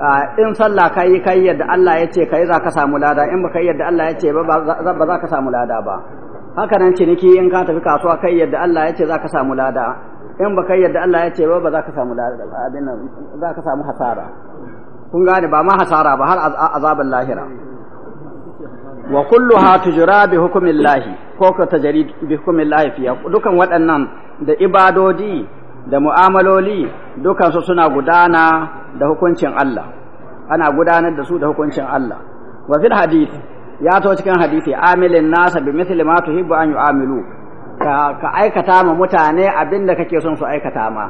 ah, in sallah kai kai yadda Allah ya ce kai za ka samu lada in ba kai yadda Allah ya ce ba za ka samu lada ba haka nan ciniki in ka tafi kasuwa kai yadda Allah ya ce za ka samu lada in ba kai yadda Allah ya ce ba ba za ka samu lada abin nan za ka samu hasara kun gane ba ma hasara ba har azabin lahira wa kulluha tujra bi hukmillahi ko ka tajari bi hukmillahi fiya dukan waɗannan da ibadodi da mu'amaloli dukan su suna gudana da hukuncin Allah ana gudanar da su da hukuncin Allah wa fil hadith ya to cikin hadisi amilin nasa bi misli ma tuhibbu an yu'amilu ka ka aikata ma mutane abinda kake son su aikata ma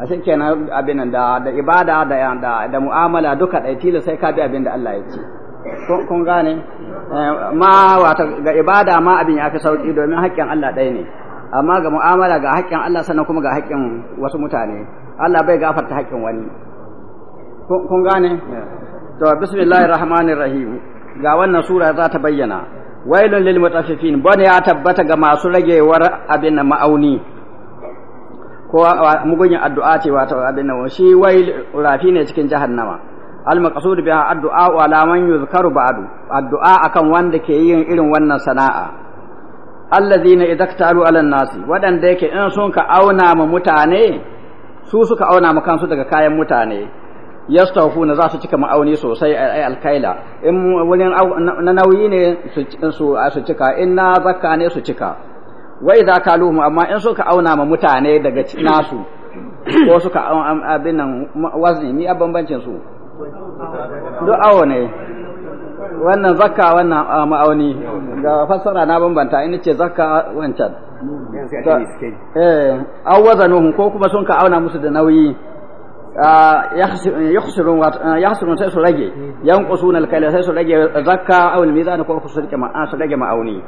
a shi kenan abin da da ibada da da, da mu'amala duka dai tilo sai ka bi abinda Allah ya ce kun gane eh, ma wata ga ibada ma abin ya fi sauki domin haƙƙin Allah ɗaya ne amma ga mu'amala ga haƙƙin Allah sannan kuma ga haƙƙin wasu mutane Allah bai gafarta haƙƙin wani kun gane to bismillahir rahmanir rahim ga wannan sura za ta bayyana wailun lil mutaffifin bane ya tabbata ga masu ragewar abin ma'auni ko mugunyin addu'a ce wato abin nan shi wail rafi ne cikin jahannama al maqsud biha addu'a wa la man yuzkaru ba'du addu'a akan wanda ke yin irin wannan sana'a allazina idza ktalu ala nasi wadanda yake in sun ka auna ma mutane su suka auna ma kansu daga kayan mutane na za su cika ma'auni sosai ai alkaila in wani na nauyi ne su su cika in na zakka ne su cika wa idza mu amma in suka auna ma mutane daga nasu ko suka abin nan wazni mi a bambancin su duk awo ne wannan zakka wannan ma'auni ga fassara na bambanta in ce zakka wancan eh awwazanuhum ko kuma sun ka auna musu da nauyi yakhsirun yakhsirun sai su rage yanqusuna sai su rage zakka aw al-mizan ko su su rage ma'auni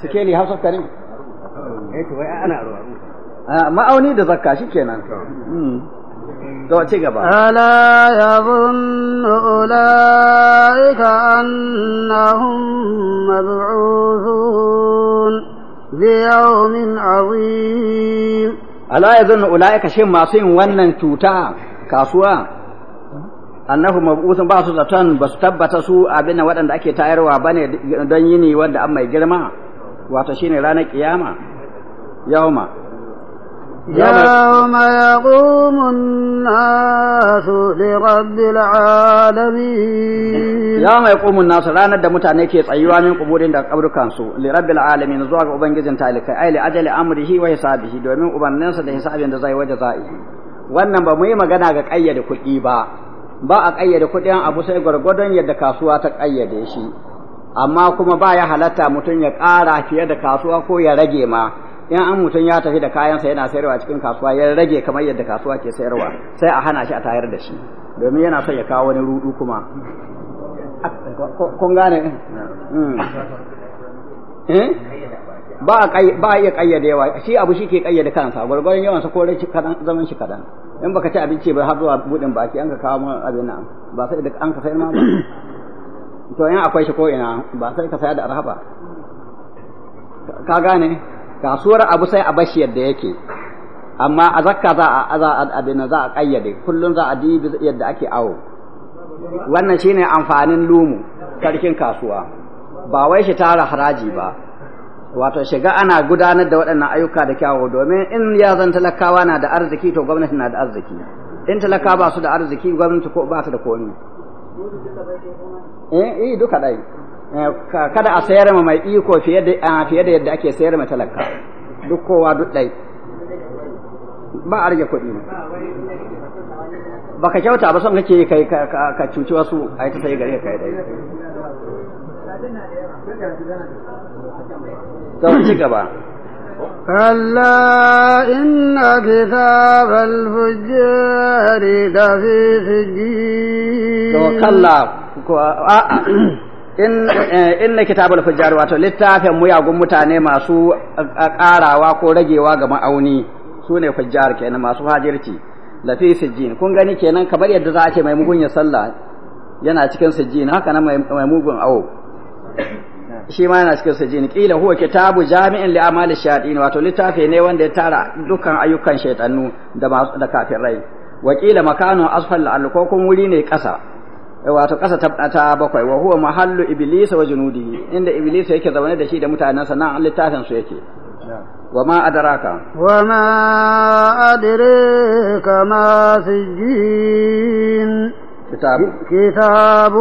sikeli hausa karim eh to wai ana ma'auni da zakka shikenan to ci gaba ala yadhunnu ulaika annahum mab'uthun li yawmin 'azim ala yazunnu ulaika shin masu yin wannan cuta kasuwa annahu mab'usun ba su zaton ba su tabbata su abin da waɗanda ake tayarwa ba ne don yini wanda an mai girma wato shine ranar kiyama yauma يوم يقوم الناس لرب العالمين يوم يقوم da mutane ke tsayuwa min kuburin da kabrukan su li rabbil alamin zuwa ga ubangijin talikai ai li ajali amrihi wa hisabihi domin ubanninsa da hisabin da zai waje za'i wannan ba mu yi magana ga kayyade kuɗi ba ba a kayyade kuɗin abu sai gwargwadon yadda kasuwa ta kayyade shi amma kuma ba ya halatta mutum ya ƙara fiye da kasuwa ko ya rage ma in an mutum ya tafi da kayansa yana sayarwa cikin kasuwa ya rage kamar yadda kasuwa ke sayarwa sai a hana shi a tayar da shi domin yana son ya kawo wani rudu kuma kun gane hmm. eh? ba a iya kayyadewa shi abu shi ke kayyade kansa gwargwaron yawansa ko rai kadan zaman shi kadan in baka ci abinci ba har zuwa budin baki an ka kawo mun abin nan ba sai da an ka sayar ma ba to in akwai shi ko ina ba sai ka sayar da arha ba ka gane kasuwar abu sai a bashi yadda yake amma a zakka za a za a abin za a kayyade kullun za a dibi yadda ake awo wannan shine amfanin lumu karkin kasuwa ba wai shi tara haraji ba wato shiga ana gudanar da waɗannan ayyuka da kyawu domin in ya zan talakawa na da arziki to gwamnati na da arziki in talaka ba su da arziki gwamnati ko ba su da komi eh eh duka dai Eh, kada a seerema may ɗi ko fiyede fiyede yedde ake seerema talakka dukko wa duɗɗay ba arja ko ɗin baka cewta ba son kacee kay ka cuciwa su ayta tawi gari kay ɗay cigaba كلا إن كتاب الفجار لفي سجين كلا Eh, inna al fujjar wato littafin muyagun mutane masu eh, ƙarawa ko ragewa ga ma'auni su ne fujjar kenan masu hajirci fi sijjin kun gani kenan kamar yadda za a ce mai mugun ya sallah yana cikin sijjin haka nan mai mugun awo shi ma yana cikin sijjin kila huwa kitabu jami'in li amali shayatin wato littafi ne wanda ya tara dukkan ayyukan shaytanu da da kafirai wa kila makanun asfal al ko wuri ne kasa. Eh, wato ƙasa ta bakwai wa huwa mahallu iblis wa junudihi inda iblis yake zaune da shi da mutanensa nan littafin su yake wa ma adraka wa ma adraka ma كتاب كتاب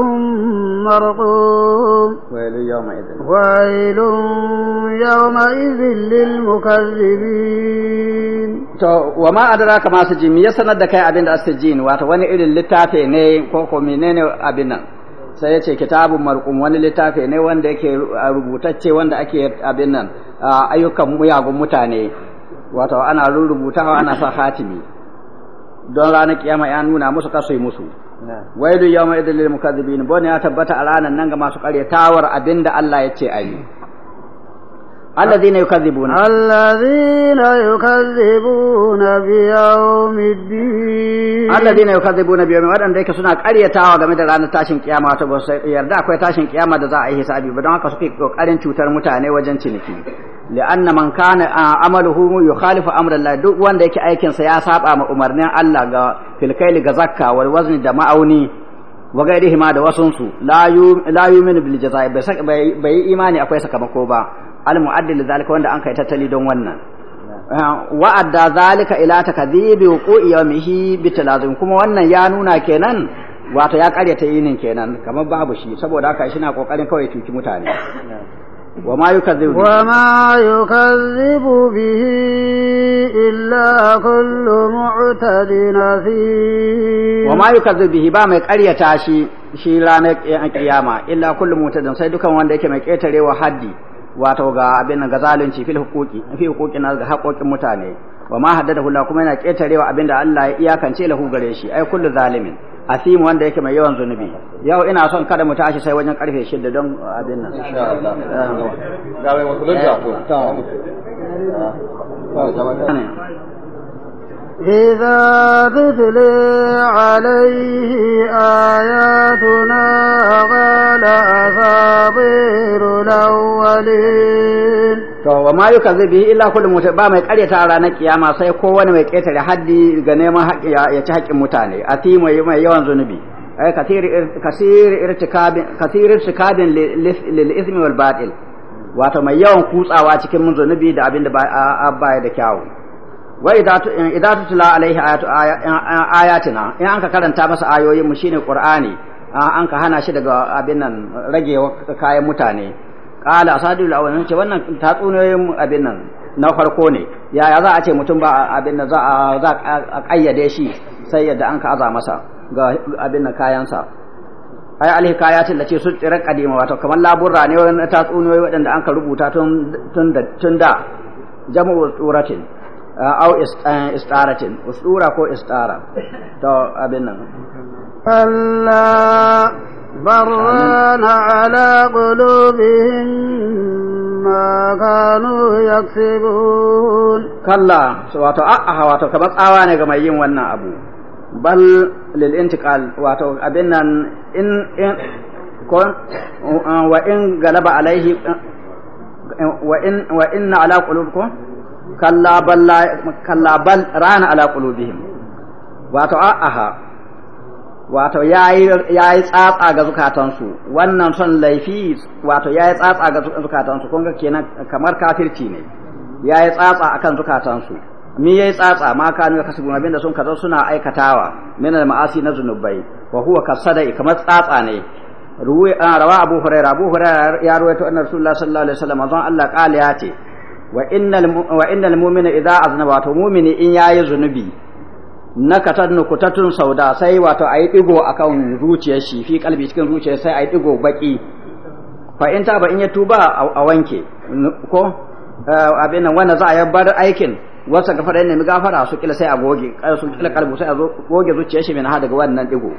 مرقوم ويل يومئذ ويل يومئذ للمكذبين to wa ma adraka ma sujin ya sanar da kai abin da asijin wato wani irin littafi ne ko abin nan sai ya ce kitabun marqum wani littafi ne wanda yake rubutacce wanda ake abin nan ayyukan muyagun mutane wato ana rubutawa ana sa hatimi don ranar kiyama ya nuna musu kasu musu wailu yawma idil lil mukazzibin bone ya tabbata a ranar nan ga masu karyatawar abinda Allah ya ce ayi الذين يكذبون الذين يكذبون بيوم الدين الذين يكذبون بيوم الدين wadanda yake suna karyatawa game da ranar tashin kiyama ta ba yarda akwai tashin kiyama da za a yi ba don haka suke kokarin cutar mutane wajen ciniki li'anna man kana amaluhu yukhalifu amrallah duk wanda yake aikin sa ya saba ma umarnin Allah ga filkaili ga zakka wal wazni da ma'auni wa da wasunsu la yu'minu bil jazai bai yi imani akwai sakamako ba al-mu'addil zalika wanda an kai tattali don wannan wa'adda zalika ila takdhibi wuqu'i yawmihi bitalazim kuma wannan ya nuna kenan wato ya karyata yinin kenan kamar babu shi saboda haka shi na kokarin kawai cuci mutane wa ma yukadhibu wa ma yukadhibu bihi illa kullu mu'tadin wa ma yukadhibu bihi ba mai karyata shi shi ranar kiyama illa kullu mu'tadin sai dukan wanda yake mai ketarewa haddi wato ga abin ga zalunci fil hukuki fi na ga haƙoƙin mutane wa ma haddada hula kuma yana ƙetarewa abin da Allah ya iyakance lahu gare shi ai kullu zalimin asimu wanda yake mai yawan zunubi yau ina son kada mu tashi sai wajen karfe shida don abin nan ga ko إذا تتلي عليه آياتنا قال أساطير الأولين to wa ma yuka zai bihi illa kullu mutai ba mai karyata a ranar kiyama sai kowane mai ketare haddi ga neman haƙƙi ya ci haƙƙin mutane ati mai mai yawan zunubi ay eh, kathir kathir irtikabin kathir irtikabin lil ithmi wal batil wato mai yawan kutsawa cikin mun zunubi da abin da ba da kyawu wa idza tutla alaihi ayatina in an ka karanta masa ayoyin mu shine qur'ani an ka hana shi daga abin nan rage kayan mutane qala asadul awwalin ce wannan tatsuniyoyin abin nan na farko ne yaya za a ce mutum ba abin nan za a kayyade shi sai yadda an ka aza masa ga abin nan kayansa ai kayatin da ce su tsira kadima wato kamar laburra ne wannan tatsuniyoyi waɗanda an ka rubuta tun da jam'u turatin. au istaratin usura ko istara to abin nan kalla barana ala qulubihim ma kanu yaksibun kalla wato a'a wato kamar tsawa ne ga mai yin wannan abu bal lil intiqal wato abin nan in in ko wa in galaba alaihi wa in wa inna ala qulubikum kalla bal rana ala qulubihim wato aha wato yayi yayi tsatsa ga zukatansu wannan son laifi wato yayi tsatsa ga zukatansu kun ga kenan kamar kafirci ne yayi tsatsa akan zukatansu mi yayi tsatsa ma kanu kasubun da sun kazo suna aikatawa min ma'asi na zunubai wa huwa kasada kamar tsatsa ne ruwa ah, rawa abu hurairah abu hurairah ya ruwaito annabi sallallahu alaihi wasallam azan Allah qala ya wa innal mu'mina idza aznaba wato mu'mini in yayi zunubi na ta tun sauda sai wato ayi digo akan zuciyar shi fi kalbi cikin zuciyar sai ayi digo baki fa in ta ba in ya tuba a wanke ko eh, abin nan wanda za a bar aikin wasa gafara ne mi gafara su kila sai a goge eh, su kila kalbu sai a goge zuciyar shi min ha daga wannan digo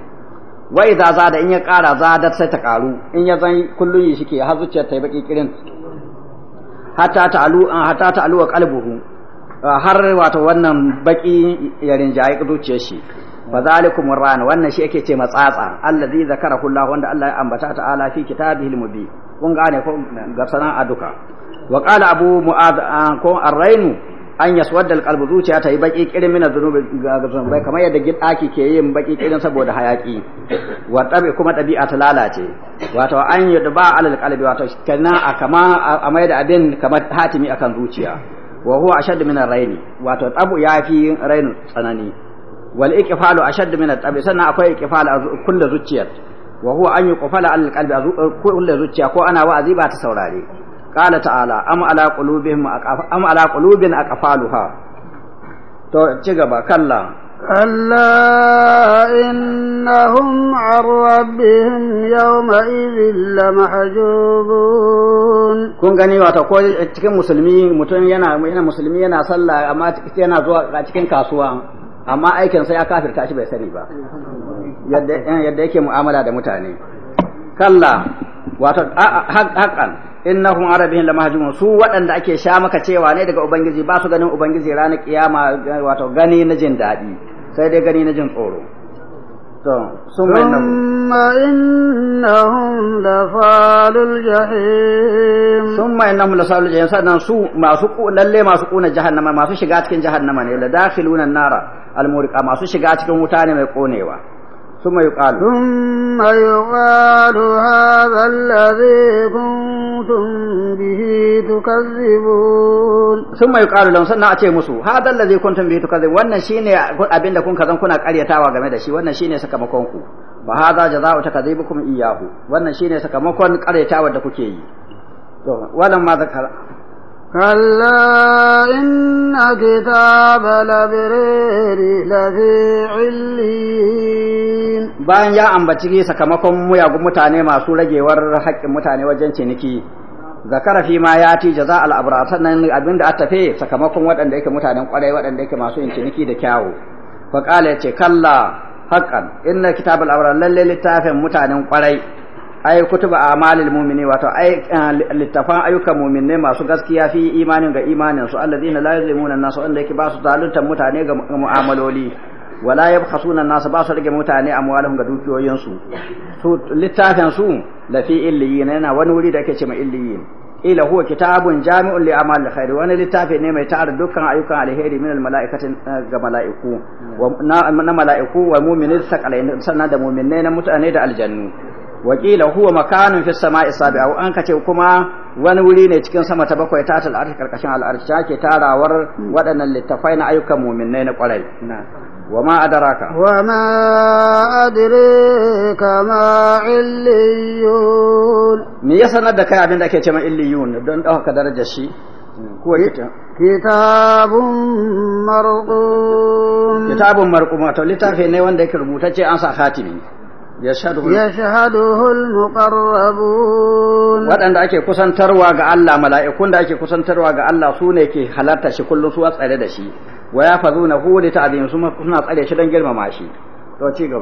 wa idza da in ya kara da sai ta karu in ya zan kullun yi ke har zuciyar ta yi baki kirin hatta ta'alu hatta ta'alu qalbuhu ah, har wato wannan baki ya rinjaye zuciyar shi fa zalikum ran wannan shi yake ce matsatsa allazi zakarahu Allah wanda Allah ya ambata ta'ala fi kitabihil mubin kun gane ko ga sanan duka wa qala abu mu'adh ah, ko arainu an wadda alqalbu zuciya ta yi baki kirin mina zunubi ga zunubai mm. kamar yadda gidaki ke yin baki kirin saboda hayaki wa tabi kuma tabi'a ta lalace wato an ba alal qalbi wato kana a kama a mai da abin kamar hatimi akan zuciya wa huwa ashaddu min ar-raini wato tabu yafi rainu tsanani wal iqfalu ashaddu min at-tabi sannan akwai iqfal kullu zuciyar wa huwa an yuqfala alal qalbi kullu zuciya ko ana wa'azi ba ta saurare qala ta'ala am ala qulubihim am ala qulubin aqfaluha to ci gaba kalla كلا إنهم عن ربهم يومئذ لمحجوبون kun gani wato ko cikin musulmi mutum yana yana musulmi yana sallah amma yana zuwa cikin kasuwa amma aikin sai ya kafirta shi bai sani ba yadda yadda yake mu'amala da mutane kalla wato haqqan innahum la lamahjumun su waɗanda ake sha maka cewa ne daga ubangiji ba su ganin ubangiji ranar kiyama wato gani na jin daɗi sai dai gani na jin tsoro ثم إنهم لفعل الجحيم ثم إنهم لفعل الجحيم سنن سو sannan سو masu ما masu جهنم ما masu شغات كن جهنم ne la dakhiluna an-nara al masu shiga cikin wuta ne mai konewa ثم يقال ثم يقال هذا الذي كنتم به تكذبون ثم يقال لهم سنة أتي مسو هذا الذي كنتم به تكذبون وانا شيني أبين لكم كذن كنا قرية تاوى غمدا شي وانا شيني سكمكونكو فهذا جزاء تكذبكم إياه وانا شيني سكمكون قرية تاوى دكوكي ولما ذكر كلا إن كتاب لبرير لفي عليين bayan ya ambaci sakamakon muyagun mutane masu ragewar haƙƙin mutane wajen ciniki zakara fi ma ya yati jaza al abratan nan abinda a tafe sakamakon waɗanda yake mutanen ƙwarai waɗanda yake masu yin ciniki da kyawu fa qala yace kalla haqqan inna kitabul abrar lalle littafin mutanen ƙwarai ai kutuba amalil mu'mini wato ai eh, littafan ayyukan mu'minai masu gaskiya fi imanin ga imanin su alladina la yuzlimuna an-nas wanda yake ba su zaluntar mutane ga mu'amaloli wala yabkhasuna an-nas ba su rage mutane a amwalahum ga dukiyoyinsu su su littafin su la fi illiyin yana wani wuri da ake cewa illiyin ila huwa kitabun jami'un li amal khair wani littafi ne mai tara dukkan ayyukan alheri min al-mala'ikati eh, ga mala'iku na mala'iku wa mu'minin sakalain sannan da mu'minai na mutane da aljannu wakila huwa makanun fi sama'i sabi'a an kace kuma wani wuri ne cikin sama ta bakwai ta al'arshi karkashin al'arshi ke tarawar waɗannan littafai na ayyukan muminai na kwarai وما أدراك وما أدريك ما عليون من يسند دكا عبين دكا كما عليون دون أهو كدرجة شيء kitabun marqum kitabun marqum wato littafi ne wanda yake rubutacce an sa khatimi yashhaduhu al-muqarrabun wadanda ake kusantarwa ga Allah mala'ikun da ake kusantarwa ga Allah sune ke halarta shi kullum su tsare da shi wa na hu li ta'zim suna tsare shi don girmama shi ci gaba